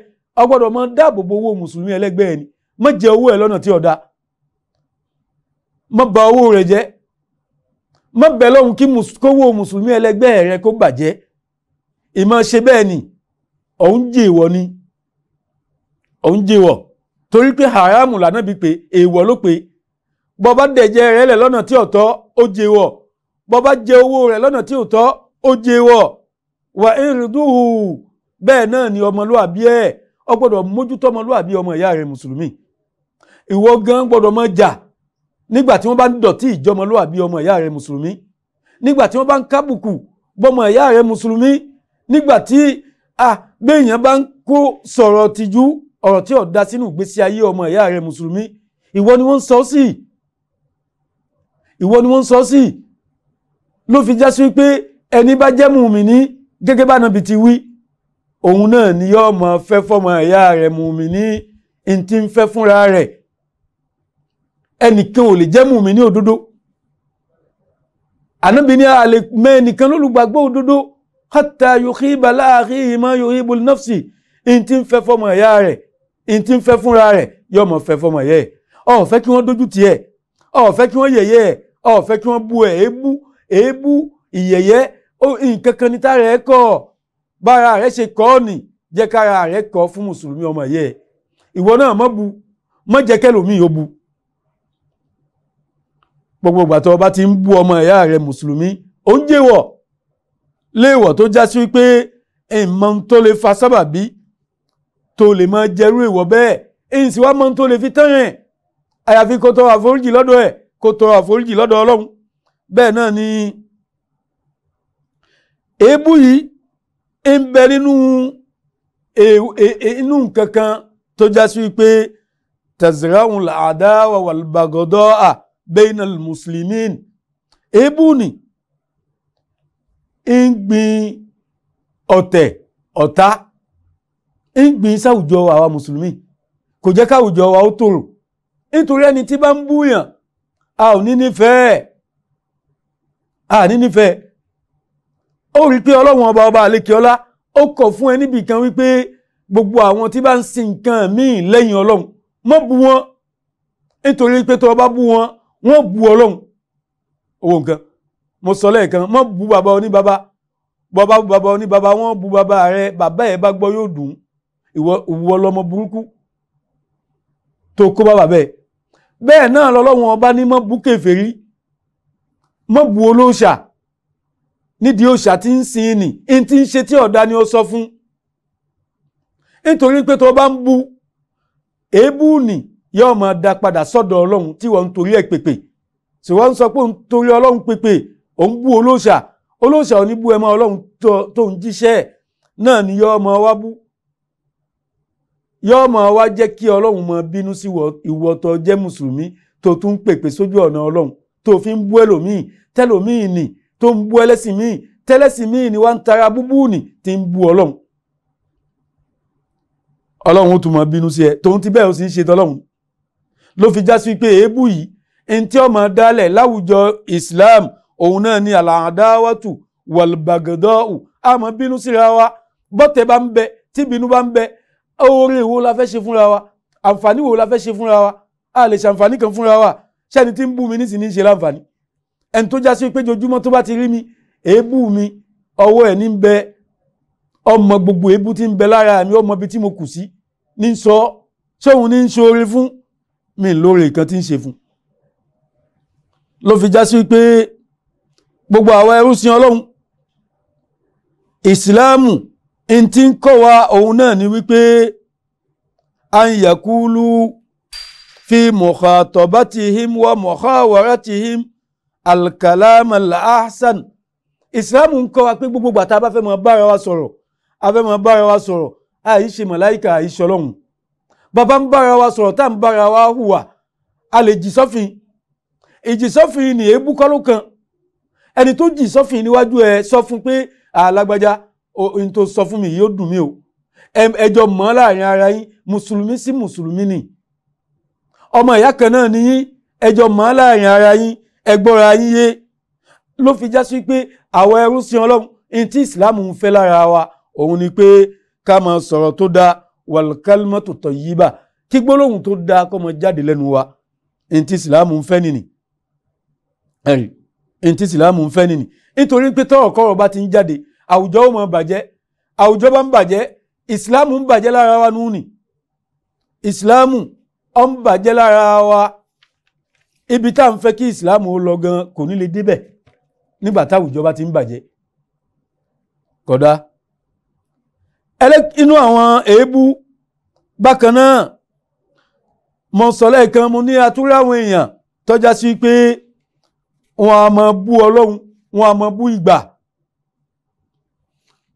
o gbọ́dọ̀ mọ dáàbò bo owó mùsùlùmí ẹlẹgbẹ́ ẹni má jẹ owó ẹ lọ́nà tí ọ̀dà má bà owó rẹ̀ jẹ́ má bẹ̀ lọ́hùn kí kówó mùsùlùmí ẹlẹgbẹ́ rẹ kó bàjẹ́ ìmọ̀ ṣe bẹ́ẹ̀ ni ọ̀hún jèèwọ̀ ni ọ̀hún jèèwọ̀ torí pé haramu lànà bí pé èèwọ̀ ló pé bọba dẹ̀jẹ̀ rẹ̀ lẹ̀ lọ́nà tí ò ó jèèwọ̀ bọba jẹ owó rẹ̀ lọ́nà tí ò ó jèèwọ̀ wà ń bẹ́ẹ̀ náà ni ọmọlúwàbí ẹ̀ ọ gbọ́dọ̀ mójútó ọmọlúwàbí ọmọ ìyá rẹ mùsùlùmí ìwọ gan gbọ́dọ̀ mọ jà nígbà tí wọ́n bá ń dọ̀tí ìjọmọlúwàbí ọmọ ìyá rẹ mùsùlùmí nígbà tí wọ́n bá ń kábùkù bọ́mọ ìyá rẹ mùsùlùmí nígbà tí béèyàn bá ń kó sọ̀rọ̀ tìjú ọ̀rọ̀ tí ọ̀dá sínú ìgbésí ayé ọmọ ìyá rẹ mùsùlùmí ìwọ ni wọ́n ń sọ sí ìwọ ni wọ́n ń sọ sí ló fi já sí pé ẹni bá jẹ́ mùmíní gẹ́gẹ́ bá nàbì wí òun náà ni yóò mọ fẹ́ fọ́mọ ìyá rẹ̀ mùmí ní n tí ń fẹ́ fúnra rẹ̀ ẹnìkan ò lè jẹ́ mùmí ní òdodo ànábì ní àlè mẹ́ẹ̀nìkan lólùgbàgbọ́ òdodo hatta yuhiba láàrin ìmọ̀ yuhibu nafsi n tí ń fẹ́ fọ́mọ ìyá rẹ̀ n tí ń fẹ́ fúnra rẹ̀ yóò mọ fẹ́ fọ́mọ ìyá ẹ̀ ó fẹ́ kí wọ́n dójú tì ẹ́ ó fẹ́ kí wọ́n yẹ̀yẹ́ ẹ̀ kí wọ́n bu ẹ̀ èébú èébú ìyẹ̀yẹ́ nǹkan kan ní tá rẹ̀ kọ́ ọ́ bára rẹ ṣe kọ́ ọ́ nì jẹ́ kára rẹ kọ́ fún mùsùlùmí ọmọ yẹ ẹ ìwọ náà mọ́ bu mọ́ jẹ́ kẹ́lòmíì ó bu gbogbo ìgbà tó o bá ti ń bu ọmọ ìyá rẹ mùsùlùmí ó ń jẹ́wọ̀ léèwọ̀ tó já sí wípé ìmọ̀ tó lè fa sábàbí tó lè máa jẹrú ìwọ bẹ́ẹ̀ èyí sì wá mọ́ tó lè fi tán ẹ̀ àyàfi kó tọrọ àforíjì lọ́dọ̀ ẹ̀ kó tọrọ àforíjì lọ́dọ̀ ọlọ́run bẹ́ẹ̀ náà ni èébú yìí ń bẹ nínú e, e, e, inú nǹkan kan tó já sí pé tazraun al-adawa wal-baghdha'a bayna al-muslimin èébù ni ń gbin ọ̀tẹ̀ ọ̀tá ń gbin sáwùjọ àwa mùsùlùmí kò jẹ́ káwùjọ wa ó tòrò nítorí ẹni tí bá ń búyàn a ò ní nífẹ̀ẹ́ a ní nífẹ̀ẹ́ ó rí i pé ọlọ́run ọba ọba àlekè ó kọ̀ fún ẹ níbì kan wípé gbogbo àwọn tí bá ń sin nǹkan míì lẹ́yìn ọlọ́run mọ́ bu wọn nítorí pé tó o bá bu wọn wọ́n bu ọlọ́run owó nǹkan mo sọ lẹ́ẹ̀kan mọ́ bu bàbá oní bàbá bàbá bu bàbá oní bàbá wọ́n bu bàbá rẹ bàbá ẹ̀ bá gbọ́ yóò dùn ìwọ lọmọ burúkú tó kó bá bàbá ẹ̀ bẹ́ẹ̀ náà lọ́lọ́run ọba ní mọ́ bu kèfèrí mọ́ bu olóòṣà nídìí òòṣà tí ń sin ni n tí ń ṣe tí ọ̀dà ni ó sọ fún nítorí pé tó bá ń bu èébú ni yóò máa da padà sọ́dọ̀ ọlọ́run tí wọ́n ń torí ẹ̀ pèpè tí wọ́n ń sọ pé ń torí ọlọ́run pèpè òun bú olóòṣà olóòṣà ò ní bú ẹ ọlọ́run tó ń jíṣẹ́ náà ni yóò máa wá bú yóò máa wá jẹ́ kí ọlọ́run máa bínú sí ìwọ tó jẹ́ mùsùlùmí tó tún pèpè sójú ọ̀nà ọlọ́run tó fi ń bú ẹlòmíì tẹlòmíì ni tó ń bú ẹlẹ́sìn míì tẹ́lẹ́sìn míì ni wọ́n ń tara búbú nì tí ń bú ọlọ́run ọlọ́run ó tún mọ bínú sí ẹ tòun ti bẹ́ẹ̀ ó ń ṣe tọ́lọ́run ló fi já sí pé èébù yìí ẹni tí ọmọ dálẹ̀ láwùjọ Islam òun náà ni àlàádáwọ́tù wàlùbàgàdọ́ọ̀ù àmọ́ bínú síra wa bọ́tẹ̀ bá ń bẹ tí bínú bá ń bẹ oore wo la fẹ́ ṣe fúnra wa àǹfààní wo la fẹ́ ṣe fúnra wa a lè ṣàǹfààní kan fúnra wa ṣẹ́ni tí ń bú mi nísìnyí ń ṣe láǹfààní ẹni tó já sí pé jojúmọ́ tó bá ti rí mi ebu mi ọwọ́ ẹ̀ ní ń bẹ ọmọ gbogbo èébú tí ń bẹ mi ọmọ ibi tí mo kù sí ní sọ sóhun ní ń ṣoore fún mi lori nǹkan tí ń ṣe fún ló fi já sí pé gbogbo àwọn ẹrú sin ọlọ́run ìsìláàmù n ti ń wa òun náà ni wípé anyakulu fi mọ̀kàtọ̀bátihim wa mọ̀kàwàrátihim alkalam alahsan islam ń kọ́ wa pé gbogbo gbàtà bá fẹ́ mọ bára wa sọ̀rọ̀ a fẹ́ mọ bára wa sọ̀rọ̀ àìṣe màláìkà àìṣe ọlọ́run bàbá ń bára wa sọ̀rọ̀ tá à ń bára wa hùwà a lè jì sọ́fin ìjì sọ́fin ni èébú kọ́ ló kan ẹni tó jì sọ́fin níwájú ẹ sọ fún pé alágbájá ohun tó sọ fún mi yóò dùn mí o ẹjọ mọ́ láàrin ara yín mùsùlùmí sí mùsùlùmí ni ọmọ ìyá kan náà ni ẹjọ mọ́ láàrin ara yín ẹgbọ́ra yín yé ló fi já sí pé àwọn ẹrú sí ọlọ́run ní tí ìsìláàmù ń fẹ́ lára wa òun ni pé ká máa sọ̀rọ̀ tó dáa wàlùkálímọ́tò tọ̀ yí bà kí gbólóhùn tó dáa kó máa jáde lẹ́nu wa ní tí ìsìláàmù ń fẹ́ nìní ẹ̀rì ní tí ìsìláàmù ń fẹ́ nìní nítorí pé tọ̀rọ̀kọ̀rọ̀ bá ti ń jáde àwùjọ ó máa bàjẹ́ àwùjọ bá ń bàjẹ́ ìsìláàmù ń bàjẹ́ lára wa nù ìsìláàmù ó ń bàjẹ́ lára wa ibi tá à ń fẹ́ kí islam ó lọ gan kò ní lè débẹ̀ nígbà táwùjọ bá ti ń bàjẹ́ kódà inú àwọn èébú bákan náà mo sọ lẹ́ẹ̀kan mo ní atúrò àwọn èèyàn tọ́já sí pé wọn a máa bú ọlọ́run wọn a máa bú ìgbà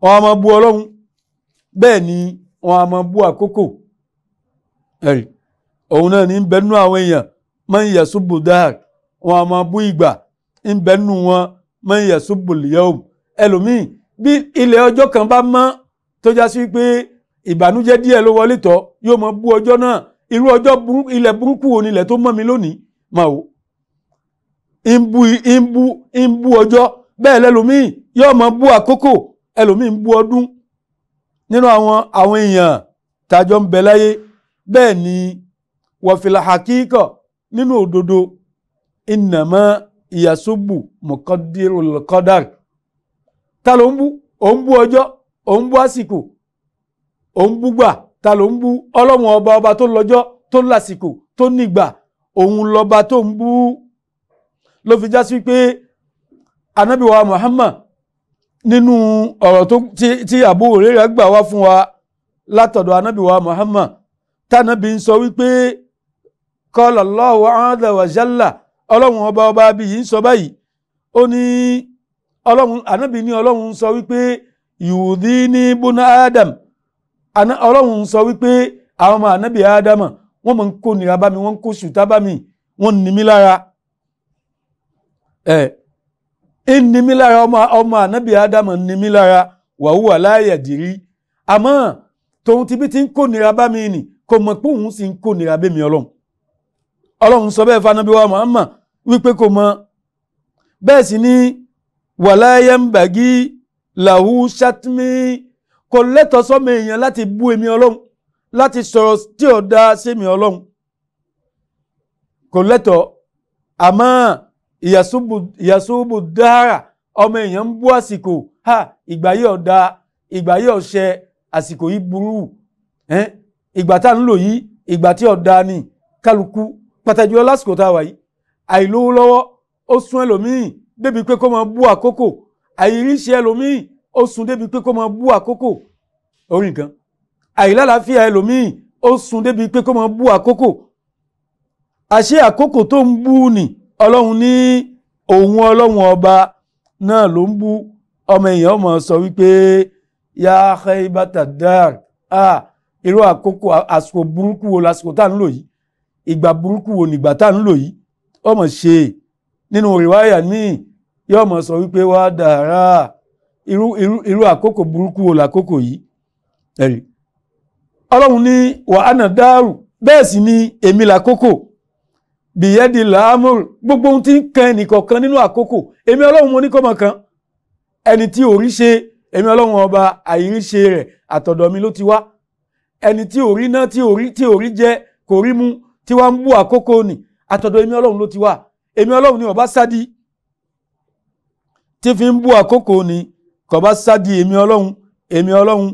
wọn a máa bú ọlọ́run bẹ́ẹ̀ ni wọn a máa bú àkókò òun náà ní bẹnu àwọn èèyàn man yasubu dahar wọn a máa bú ìgbà ń bẹ nù wọn man yasubu liyom ẹlòmíì bí ilẹ̀ ọjọ́ kan bá mọ́ tó já sí pé ìbànújẹ́ díẹ̀ ló wọlé tọ́ yóò máa bú ọjọ́ náà irú ọjọ́ ilẹ̀ burúkú wo ni ilẹ̀ tó mọ́ mi lónìí máa wò ń bú ń bú ń bú ọjọ́ bẹ́ẹ̀ lẹ́lòmíì yóò máa bú àkókò ẹlòmíì ń ọdún nínú àwọn àwọn èèyàn tàjọ ń bẹ láyé bẹ́ẹ̀ ni wọ́n fi la hakíkọ̀ nínú òdodo ìnàmá ìyàsóbù mọ̀kọ́dírùlọ́kọ́dàr ta ló ń bú ó ń bú ọjọ́ ó ń bú àsìkò ó ń bú gbà ta ló ń bú ọlọ́run ọba ọba tó lọ́jọ́ tó lásìkò tó nígbà òun lọ́ba tó ń bú ló fi já sí pé anábìwá Muhammad nínú ọ̀rọ̀ tí Abu Hurairah gbà wá fún wa látọ̀dọ̀ anábìwá Muhammad tánàbí ń sọ wípé qala Allahu azza wa jalla ọlọ́run ọba ọba bí yìí ń sọ báyìí ó ní ọlọ́run ànábì ní ọlọ́run sọ wípé yùdí ní bùnà adam ọlọ́run sọ wípé àwọn ọmọ ànábì adam wọ́n mọ̀ ń kó nira bá mi wọ́n ń kó ṣùtá bá mi wọ́n ní mi lára ẹ̀ ń ní mi lára ọmọ ànábì adam ní mi lára wàhùwà láàyè dìrí àmọ́ tòun ti bí ti ń kó nira bá mi nì kò mọ̀ pé òun sì ń kó nira bẹ́mi ọlọ́run ọlọ́run sọ bẹ́ẹ̀ fanabi wa Muhammad wípé kò mọ̀ bẹ́ẹ̀ sì ni wàláyẹ̀mbàgí làwù ṣàtìmí kò lẹ́tọ̀ọ́ sọ́mọ èèyàn láti bú èmi ọlọ́run láti sọ̀rọ̀ tí ò dá sẹ́mi ọlọ́run kò lẹ́tọ̀ọ́ àmọ́ ìyàsúbù dára ọmọ èèyàn ń bú àsìkò ha ìgbà yìí ọ̀dà ìgbà yìí ọ̀ṣẹ àsìkò yìí burú ìgbà tá ń lò yìí ìgbà tí ọ̀dà ni kálukú pàtàkì jùlọ lásìkò tá a wà yìí àìlówó lọ́wọ́ ó sún ẹlòmíì débi pé kó máa bú àkókò àìríṣẹ́ ẹlòmíì ó sún débi pé kó máa bú àkókò orí nǹkan àìlálàáfíà ẹlòmíì ó sún débi pé kó máa bú àkókò àṣé àkókò tó ń bú ni ọlọ́run ní òun ọlọ́run ọba náà ló ń bú ọmọ èèyàn mọ̀ sọ wípé yá khaybata dar ah irú àkókò àsìkò burúkú wo lásìkò tá à ń lò yìí ìgbà burúkú wo nìgbà tá à ń lò yìí ọmọ ṣe nínú rìwáyà míì yóò mọ̀ sọ wípé wá dàrá irú irú irú àkókò burúkú wo làkókò yìí ẹ̀rí ọlọ́run ní wàhánà dárù bẹ́ẹ̀ sì ni èmi làkókò bìyẹ́dì làámùrù gbogbo ohun tí ń kan ẹnìkọ̀ọ̀kan nínú àkókò èmi ọlọ́run mo ní kọ́ mọ̀ kan ẹni tí ò rí ṣe èmi ọlọ́run ọba àìríṣe rẹ̀ àtọ̀dọ̀ mi ló ti wá ẹni tí ò rí ná tí ò rí tí ò rí jẹ kò rí mu tí wọ́n ń bú àkókò ni àtọ̀dọ̀ èmi ọlọ́run ló ti wá èmi ọlọ́run ni ọba sádi tí fi ń bú àkókò ni kọba sádi èmi ọlọ́run èmi ọlọ́run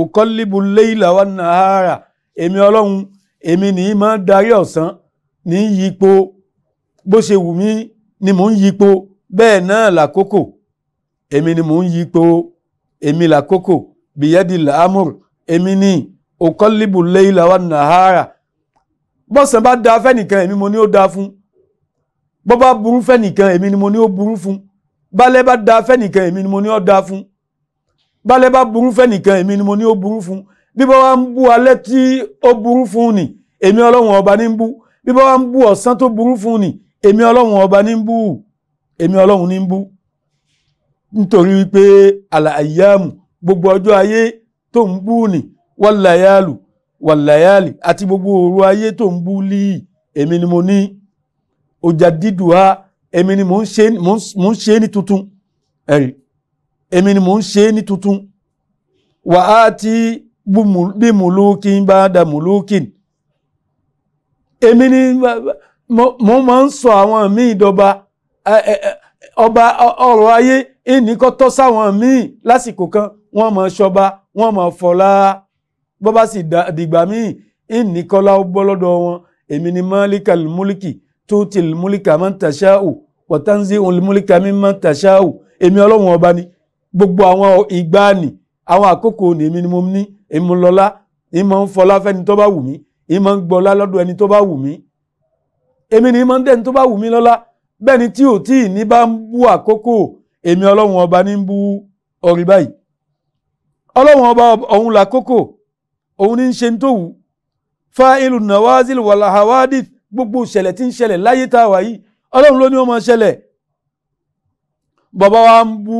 òkọ́líbu léyìlá wa nàárà èmi ọlọ́run èmi nìyí máa ń darí ọ̀sán ní yípo bó ṣe wù mí ni mò ń yípo bẹ́ẹ̀ náà làkókò èmi ni mò ń yípo èmi làkókò bìyẹ́dì làámùr èmi ni òkọ́líbu léyìlá wa nàárà bọ́sàn bá da fẹ́nìkan èmi mo ní ó da fún bọ́ bá burú fẹ́nìkan èmi ni mo ní ó burú fún bálẹ̀ bá da fẹ́nìkan èmi ni mo ní ó da fún bálẹ̀ bá burú fẹ́nìkan èmi ni mo ní ó burú fún bí bá wa ń bú alẹ́ tí ó burú fún ni èmi ọlọ́run ọba ní ń bú bí bá wa ń bú ọ̀sán tó burú fún ni èmi ọlọ́run ọba ní ń bú èmi ọlọ́run ní ń bú nítorí wípé àlàyé àmù gbogbo ọjọ́ ayé tó ń bú ni wọ́n láyàlù wàláyàlì àti gbogbo òru ayé tó ń bú líì èmi ni mo ní ọjà dídùn á èmi ni mò ń ṣe ní tuntun ẹ̀rì èmi ni mò ń ṣe ní tuntun wà á ti bí mùlúkín bá da mùlúkín èmi ni mo máa ń sọ àwọn míì dọba ọba ọrọ̀ ayé ìníkọ́ tọ́ sáwọn míì lásìkò kan wọ́n máa ṣọba wọ́n máa fọlá bó bá sì dìgbà míì ìníkọ́lá ó gbọ́ lọ́dọ̀ wọn èmi ni mọ́líkà múlíkì tó ti múlíkà máa ń tàṣà ò wọ̀tánzí òun múlíkà mi máa ń tàṣà ò èmi ọlọ́run ọba ni gbogbo àwọn ìgbàanì àwọn àkókò ni èmi ni mo ní èmi lọ́lá ìmọ̀ ń fọlá fẹ́ni tó bá wù mí ìmọ̀ ń gbọ́lá lọ́dọ̀ ẹni tó bá wù mí èmi ni ìmọ̀ ń dẹ́ni tó bá wù mí lọ́lá bẹ́ẹ̀ ni tí ò tí ì ní bá ń bú àkókò èmi ọlọ́run ọba ní ń bú ọ̀rí báyìí ọlọ́run ọba ọ̀hún làkókò òun ní ń ṣe tó wù fa'ilu nawazil wàlà hawadith gbogbo ìṣẹ̀lẹ̀ tí ń ṣẹlẹ̀ láyé tá a wà yìí ọlọ́run ló ní wọ́n máa ṣẹlẹ̀ bàbá wa ń bú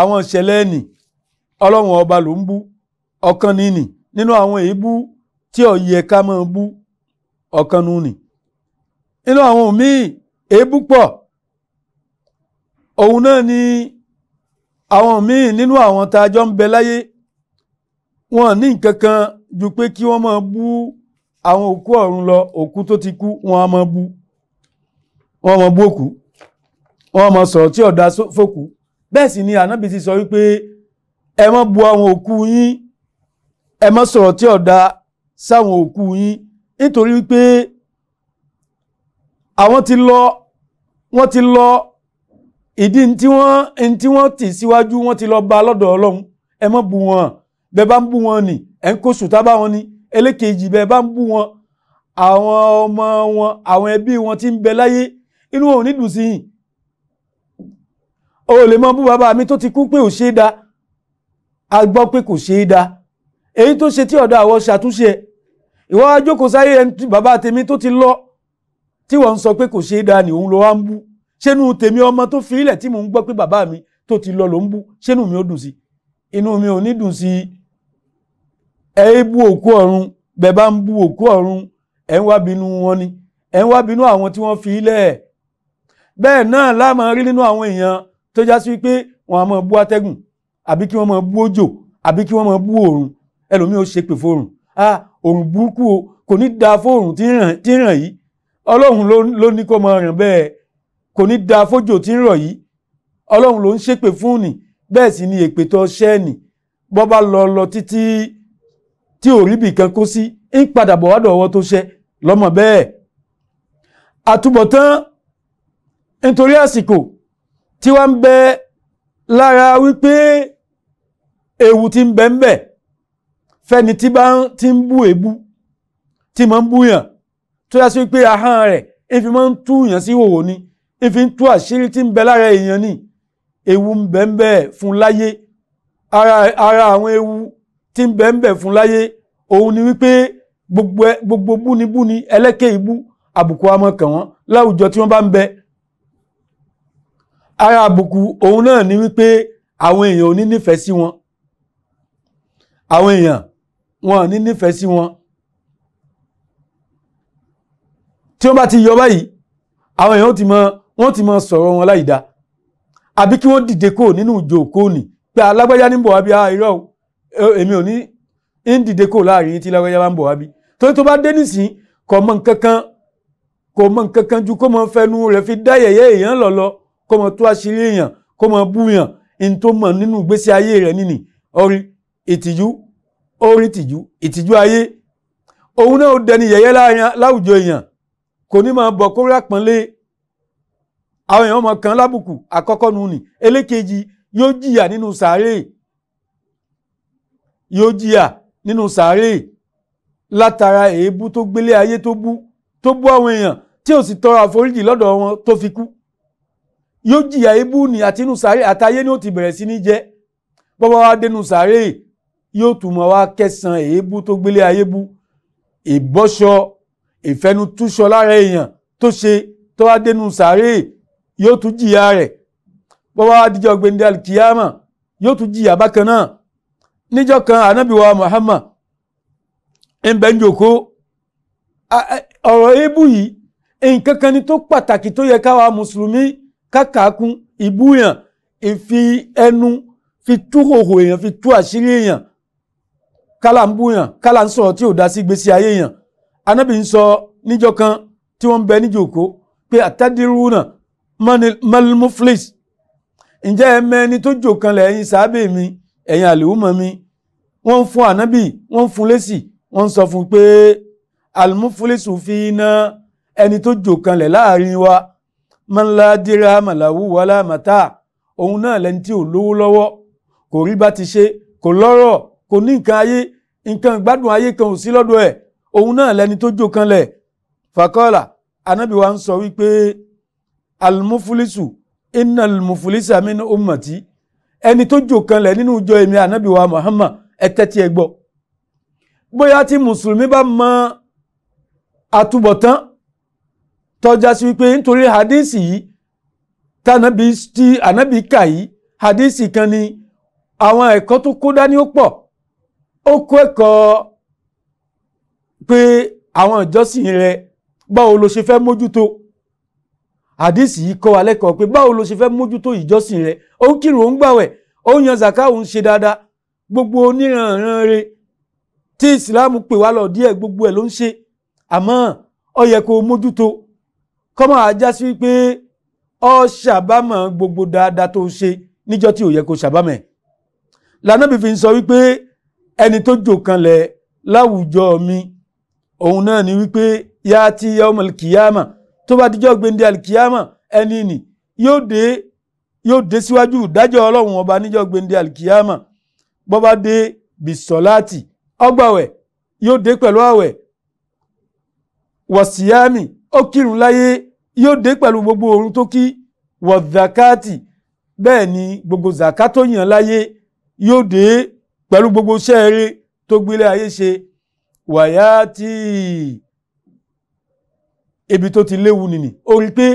àwọn ìṣẹ̀lẹ̀ ẹ̀nì ọlọ́run ọba ló ń bú ọ̀kan ní nì nínú àwọn èébú tí ó ká máa bú ọ̀kan nù nì nínú àwọn míì èébú pọ̀ òun náà ni àwọn míì nínú àwọn tá a jọ ń bẹ láyé wọn ní nǹkan kan ju pé kí wọ́n máa bú àwọn òkú ọ̀run lọ òkú tó ti kú wọn á máa bú wọn máa bú òkú wọn máa sọ̀rọ̀ tí ọ̀dà fòkú bẹ́ẹ̀ sì ni ànábì ti sọ wípé ẹ má bú àwọn òkú yín ẹ má sọ̀rọ̀ tí ọ̀dà sáwọn òkú yín nítorí wípé àwọn ti lọ wọ́n ti lọ ìdí tí wọ́n tí wọ́n tì síwájú wọ́n ti lọ bá lọ́dọ̀ ọlọ́run ẹ má bú wọn bẹ́ẹ̀ bá ń bú wọn ni ẹ̀ ń kó sùtá bá wọn ni ẹlẹ́kejì bẹ́ẹ̀ bá ń bú wọn àwọn ọmọ wọn àwọn ẹbí wọn ti ń bẹ láyé inú wọn ò ní dùn sí yìí o lè mọ bú bàbá mi tó ti kú pé ò ṣe é da a gbọ́ pé kò ṣe é da èyí tó ṣe tí ọ̀dọ̀ àwọn ṣàtúnṣe ìwọ ajókòó sáyé ẹni bàbá tèmi tó ti lọ tí wọ́n ń sọ pé kò ṣe é da ni òun ló wá ń bú ṣénú tèmi ọmọ tó fi ilẹ̀ tí mò ń gbọ́ pé bàbá mi tó ti lọ ló ń bú ṣénú mi ò dùn sí inú mi ò ní dùn sí i ẹ ń bú òkú ọ̀run bẹ́ẹ̀ bá ń bú òkú ọ̀run ẹ ń wá bínú wọn ni ẹ ń wá bínú àwọn tí wọ́n fi ilẹ̀ ẹ̀ bẹ́ẹ̀ náà láàmú rí nínú àwọn èèyàn tó já sí pé wọn á máa bú atẹ́gùn àbí kí wọ́n máa bú òjò àbí kí wọ́n máa bú òòrùn ẹlòmíì ó ṣépè fóòrùn ah òòrùn burúkú o kò ní da fóòrùn tí ń ràn yìí ọlọ́run ló ní kó máa ràn bẹ́ẹ̀ kò ní da fójò tí ń rọ̀ yìí ọlọ́run ló ń ṣépè fún ni bẹ́ẹ̀ sì ni èpè tó ṣẹ́ẹ̀nì bọ́ bá lọ lọ títí tí ò rí bìkan kó sí ń padà bọ̀ wádọ̀ ọwọ́ tó ṣẹ́ lọ́mọ bẹ́ẹ̀ àtúbọ̀tán nítorí àsìkò tí wá ń bẹ lára wípé ewu ti ń bẹ ń bẹ fẹ́ni tí bá ti ń bú èébú tí máa ń búyàn tó yá sí wípé ahọ́n rẹ̀ ìfi máa ń túyàn sí òwò ni ìfi ń tú àṣírí tí ń bẹ lára èèyàn ni ewu ń bẹ ń bẹ fún láyé ara àwọn ewu tí ń bẹ ń bẹ fún láyé òun ni wípé gbogbo búnibúni ẹlẹ́kẹ̀ ibú àbùkù àmọ́ kàn wọ́n láwùjọ tí wọ́n bá ń bẹ ara àbùkù òun náà ni wípé àwọn èèyàn ò ní nífẹ̀ẹ́ sí wọn àwọn èèyàn wọn ò ní nífẹ̀ẹ́ sí wọn tí wọ́n bá ti yọ báyìí àwọn èèyàn ti mọ wọ́n ti mọ sọ̀rọ̀ wọn láìda àbí kí wọ́n dìde kó nínú ìjòkó ni pé alágbájá níbọ̀ àbí àìrọ̀ o èmi ò ní ń dìde kó láàrin tí lágbájá bá ń bọ̀ wá bí torí tó bá dé nísìn kò mọ nǹkan kan kò mọ nǹkan kan ju kó mọ fẹnu rẹ̀ fi dá yẹ̀yẹ́ èèyàn lọ́lọ́ kó mọ tú àṣírí èèyàn kó mọ bú yàn in tó mọ̀ nínú ìgbésí ayé rẹ̀ nínì orí ìtìjú orí ìtìjú ìtìjú ayé òun náà ó dẹni yẹ̀yẹ́ láwùjọ èèyàn kò ní máa bọ̀ kórè àpọ́nlé àwọn èèyàn mọ̀ kan lábùkù àkọ́kọ́ nù ní ẹlẹ́kejì yóò jìyà nínú sàárè yóò jìyà nínú sàárè látara èébú tó gbélé ayé tó bú tó bú àwọn èèyàn tí ò sì tọrọ àforíjì lọ́dọ̀ wọn tó fi kú yóò jìyà èébú ni àti inú sàárè àtayé ni ó ti bẹ̀rẹ̀ sí ní jẹ bọ́bá wa dénú sàárè yóò tún mọ́ wá kẹsàn èébú tó gbélé ayé bú ìbọ́ṣọ ìfẹnutúṣọ lára èèyàn tó ṣe tó wá dénú sàárè yóò tún jìyà rẹ̀ bọ́bá wa díjọ́ gbendé alikiyama yóò tún jìyà bákan náà níjọ́ kan anábìwá Muhammad ẹnbẹ̀ ń jòkó ọ̀rọ̀ ebú yìí nǹkan kan ni tó pàtàkì tó yẹ káwa mùsùlùmí kákàákún ìbúyàn ìfi ẹnu fi tú hòhò èèyàn fi tú àṣírí èèyàn kálá ń búyàn kálá ń sọ̀rọ̀ tí ò dá sí gbèsè ayé èèyàn anábì ń sọ níjọ́ kan tí wọ́n ń bẹ níjòkó pé àtàdírúnà malmuflis ǹjẹ́ ẹ mẹ́ni tó jò kanlẹ̀ ẹ̀yin sábẹ́ mi ẹ̀yin àlèhùnmọ́ mi wọ́n ń fún ànábì wọ́n ń fún lésì wọ́n ń sọ fún pé almufulisu fi iná ẹni tó jò kanlẹ̀ láàrin wa man la dirhama lahu mata òun náà lẹni tí ò lówó lọ́wọ́ kò rí bá ti ṣe kò lọ́rọ̀ kò ní nǹkan ayé nǹkan ìgbádùn ayé kan ò sí lọ́dọ̀ ẹ̀ òun náà lẹni tó jò kanlẹ̀ fàkọ́là ànábì wa ń sọ wípé almufulisu innal mufulisa min ummati ẹni tó jò kanlẹ̀ nínú ìjọ èmi ànábì wa Muhammad ẹ tẹ́tí ẹ gbọ́ bóyá tí mùsùlùmí bá mọ àtúbọ̀tán tọ́já sí wípé nítorí hadísì yìí tànàbí tí ànábì kà yìí hadísì kan ni àwọn ẹ̀kọ́ tó kó dání ó pọ̀ ó kó ẹ̀kọ́ pé àwọn ìjọsìn rẹ báwo lo ṣe fẹ́ mójútó hadísì yìí kọ́ wa lẹ́kọ̀ọ́ pé báwo lo ṣe fẹ́ mójútó ìjọsìn rẹ ó ń kírun ó ń gbàwẹ̀ ó ń yan zaka ń ṣe dáadáa gbogbo oníranran re tí ìsìláàmù pè wá lọ díẹ̀ gbogbo ẹ̀ ló ń ṣe àmọ́ ó yẹ kó mójútó kọ́mọ ajá sí pé ọ ṣàbámọ̀ gbogbo dáadáa tó ṣe níjọ́ tí ò yẹ kó ṣàbámọ̀ ẹ̀ lànàbí fi ń sọ wípé ẹni tó jò kanlẹ̀ láwùjọ mi òun náà ni wípé yá ti yá ọmọ kìyàmà tó bá dijọ́ gbendé alikiyama ẹni nì yóò dé yóò dé síwájú ìdájọ́ ọlọ́run ọba níjọ́ gbendé alikiyama bọ́ bá dé bisọ́láàtì ọgbàwẹ̀ yóò dé pẹ̀lú àwẹ̀ wọ̀síyámì ó kírun láyé yóò dé pẹ̀lú gbogbo oorun tó kí wọ̀dàkátì bẹ́ẹ̀ ni gbogbo zàká tó yàn láyé yóò dé pẹ̀lú gbogbo sẹ́ẹ̀rẹ́ tó gbélé ayé ṣe wàyátì ibi tó ti léwu nìní ó rí pé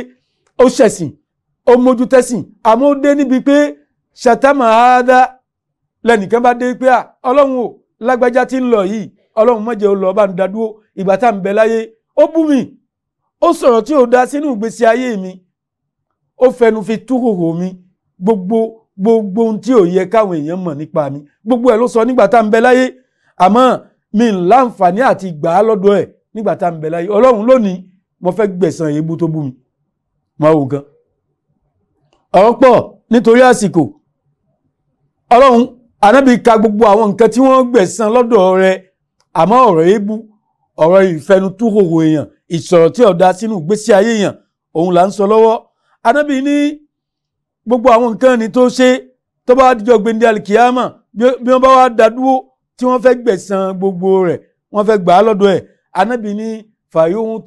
ó ṣẹ̀sìn ó mójútẹ́sìn àmọ́ ó dé níbi pé ṣàtàmà áádá lẹ́nìkan bá dé pé à ọlọ́run o lágbájá tí ń lọ yìí ọlọ́run má jẹ́ ó lọ bá ń dadúró ìgbà tá à ń bẹ láyé ó bú mi ó sọ̀rọ̀ tí ò da sínú ìgbésí ayé mi ó fẹnu fi túhòhò mi gbogbo gbogbo ohun tí ò yẹ káwọn èèyàn mọ̀ nípa mi gbogbo ẹ̀ ló sọ nígbà tá à ń bẹ láyé àmọ́ mi ń láǹfààní àti gbà á lọ́dọ̀ ẹ̀ nígbà tá à ń bẹ láyé ọlọ́run lónìí mo fẹ́ gbẹ̀san èébú tó bú mi máa wò gan ọ̀rọ̀ pọ̀ nítorí àsìkò ọlọ́run anábì ka gbogbo àwọn nǹkan tí wọ́n gbẹ̀san lọ́dọ̀ rẹ̀ àmọ́ ọ̀rọ̀ èébú ọ̀rọ̀ ìfẹnutúhòhò èèyàn ìsọ̀rọ̀ tí ọ̀dà sínú ìgbésí ayé èèyàn òun là ń sọ lọ́wọ́ anábì ní gbogbo àwọn nǹkan ni tó ṣe tó bá dijọ́ gbendi alikiyama bí wọ́n bá wá da dúró tí wọ́n fẹ́ gbẹ̀san gbogbo rẹ̀ wọ́n fẹ́ gbà á lọ́dọ̀ ẹ̀ anábì ní fàyóhun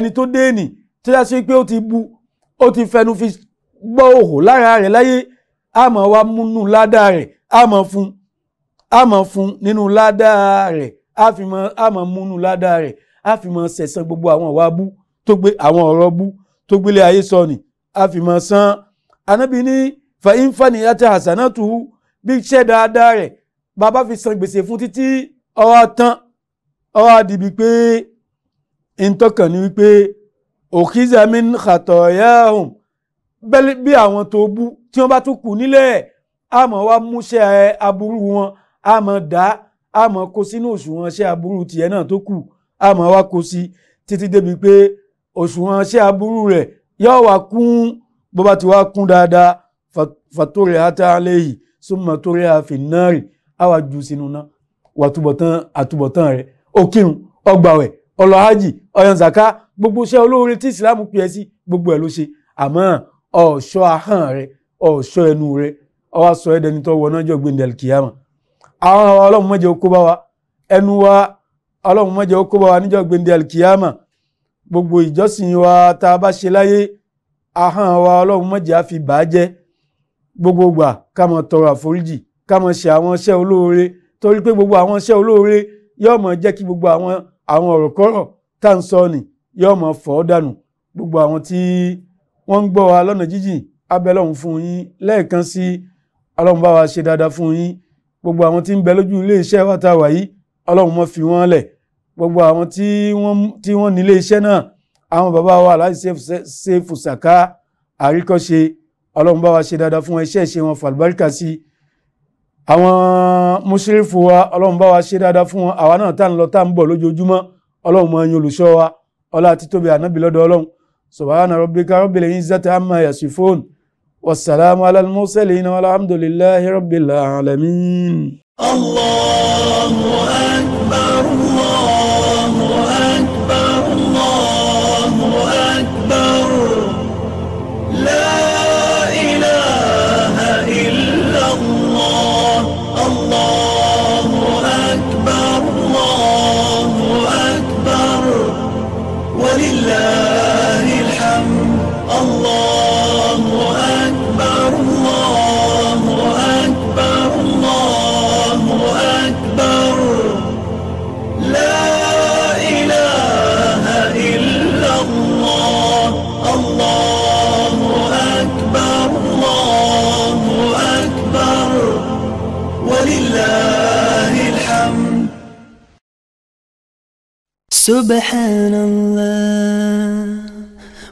ẹni tó déènì tí a ṣe pé ó ti bu ó ti fẹnu fi gbọ́ òhò lára rẹ̀ láyé àmọ́ wa múnú ládàá rẹ̀ àmọ́ fún àmọ́ fún nínú ládàá rẹ̀ àfimọ́ àmọ́ múnú ládàá rẹ̀ àfimọ́ sẹ̀sán gbogbo àwọn ọ̀wá bú tó gbé àwọn ọ̀rọ̀ bú tó gbélé ayé sọ ni àfimọ́ san anábì ní fàyínfàní àti hasanatu bí iṣẹ́ dáadáa rẹ̀ bàbá fi san gbèsè fún títí ọwọ́ tán ọwọ́ àdìbí pé ntọ́kàn ni wípé òkìzẹ́min xatọ̀yẹ́hùn bẹ́ẹ̀ bí àwọn tó bú tí wọ́n bá tún kù nílẹ̀ àmọ́ wá múṣẹ́ aburú wọn àmọ́ dá àmọ́ kó sínú òṣùwọ̀n ṣẹ́ aburú tiẹ̀ náà tó kù àmọ́ wá kó sí títí débi pé òṣùwọ̀n ṣẹ́ aburú rẹ̀ yóò wá kún bó bá ti wá kún dáadáa fàtórí ata lẹ́yìn súnmọ́ torí sínú náà wàtúbọ̀tán àtúbọ̀tán rẹ̀ ó kírun ó ọlọ hajj ọyàn zaka gbogbo iṣẹ́ olóore tí ìsìlámù pè é sí gbogbo ẹ̀ ló ṣe àmọ́ ọ̀ṣọ́ ahọ́n rẹ ọ̀ṣọ́ ẹnu rẹ ọwọ́ sọ ẹ́ dẹni tó wọná jọ gbẹ̀ndẹ̀ kìyàmà àwọn ọlọ́run mọ̀jẹ̀ ó kó bá wa ẹnu wa ọlọ́run mọ̀jẹ̀ ó kó bá wa níjọ gbẹ̀ndẹ̀ kìyàmà gbogbo ìjọsìn wa tá a bá ṣe láyé ahọ́n wa ọlọ́run mọ̀jẹ̀ á fi bàá jẹ́ gbogbo gbà ká máa tọrọ àforíjì ká máa ṣe àwọn iṣẹ́ olóore torí pé gbogbo àwọn iṣẹ́ olóore yóò máa jẹ́ kí gbogbo àwọn àwọn ọ̀rọ̀ kọ́rọ̀ tá à ń sọ ni yóò mọ̀ fọ́ dànù gbogbo àwọn tí wọ́n ń gbọ́ wa lọ́nà jíjìn abẹ́lọ́hún fún yín lẹ́ẹ̀kan sí ọlọ́run bá wa ṣe dáadáa fún yín gbogbo àwọn tí ń bẹ lójú ilé iṣẹ́ wa tá a wà yìí ọlọ́run mọ́ fi wọ́n lẹ̀ gbogbo àwọn tí wọ́n ní ilé iṣẹ́ náà àwọn bàbá wa aláì ṣe fùsàká àríkọ́ṣe ọlọ́run bá wa ṣe dáadáa fún ẹṣẹ́ ṣe wọn fàlùbáríkà sí i àwọn mùsírìfù wa ọlọ́run bá wa ṣe dáadáa fún wọn náà tá ń lọ tá ń bọ̀ lójoojúmọ́ ọlọ́run mọ ẹyin olùṣọ́ wa ọlá àti ànábì lọ́dọ̀ ọlọ́run subhana rabbika rabbil izzati amma yasifun wassalamu alal mursalin walhamdulillahi rabbil alamin. Allahu akbar. سبحان الله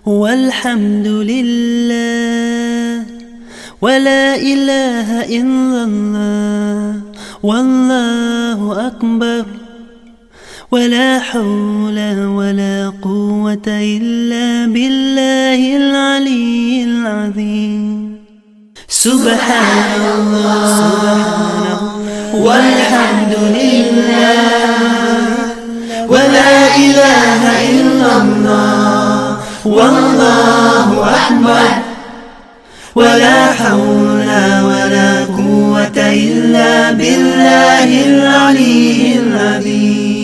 والحمد لله ولا إله إلا الله والله أكبر ولا حول ولا قوة إلا بالله العلي العظيم سبحان الله والحمد لله ولا إله إلا الله والله أحمد ولا حول ولا قوة إلا بالله العلي العظيم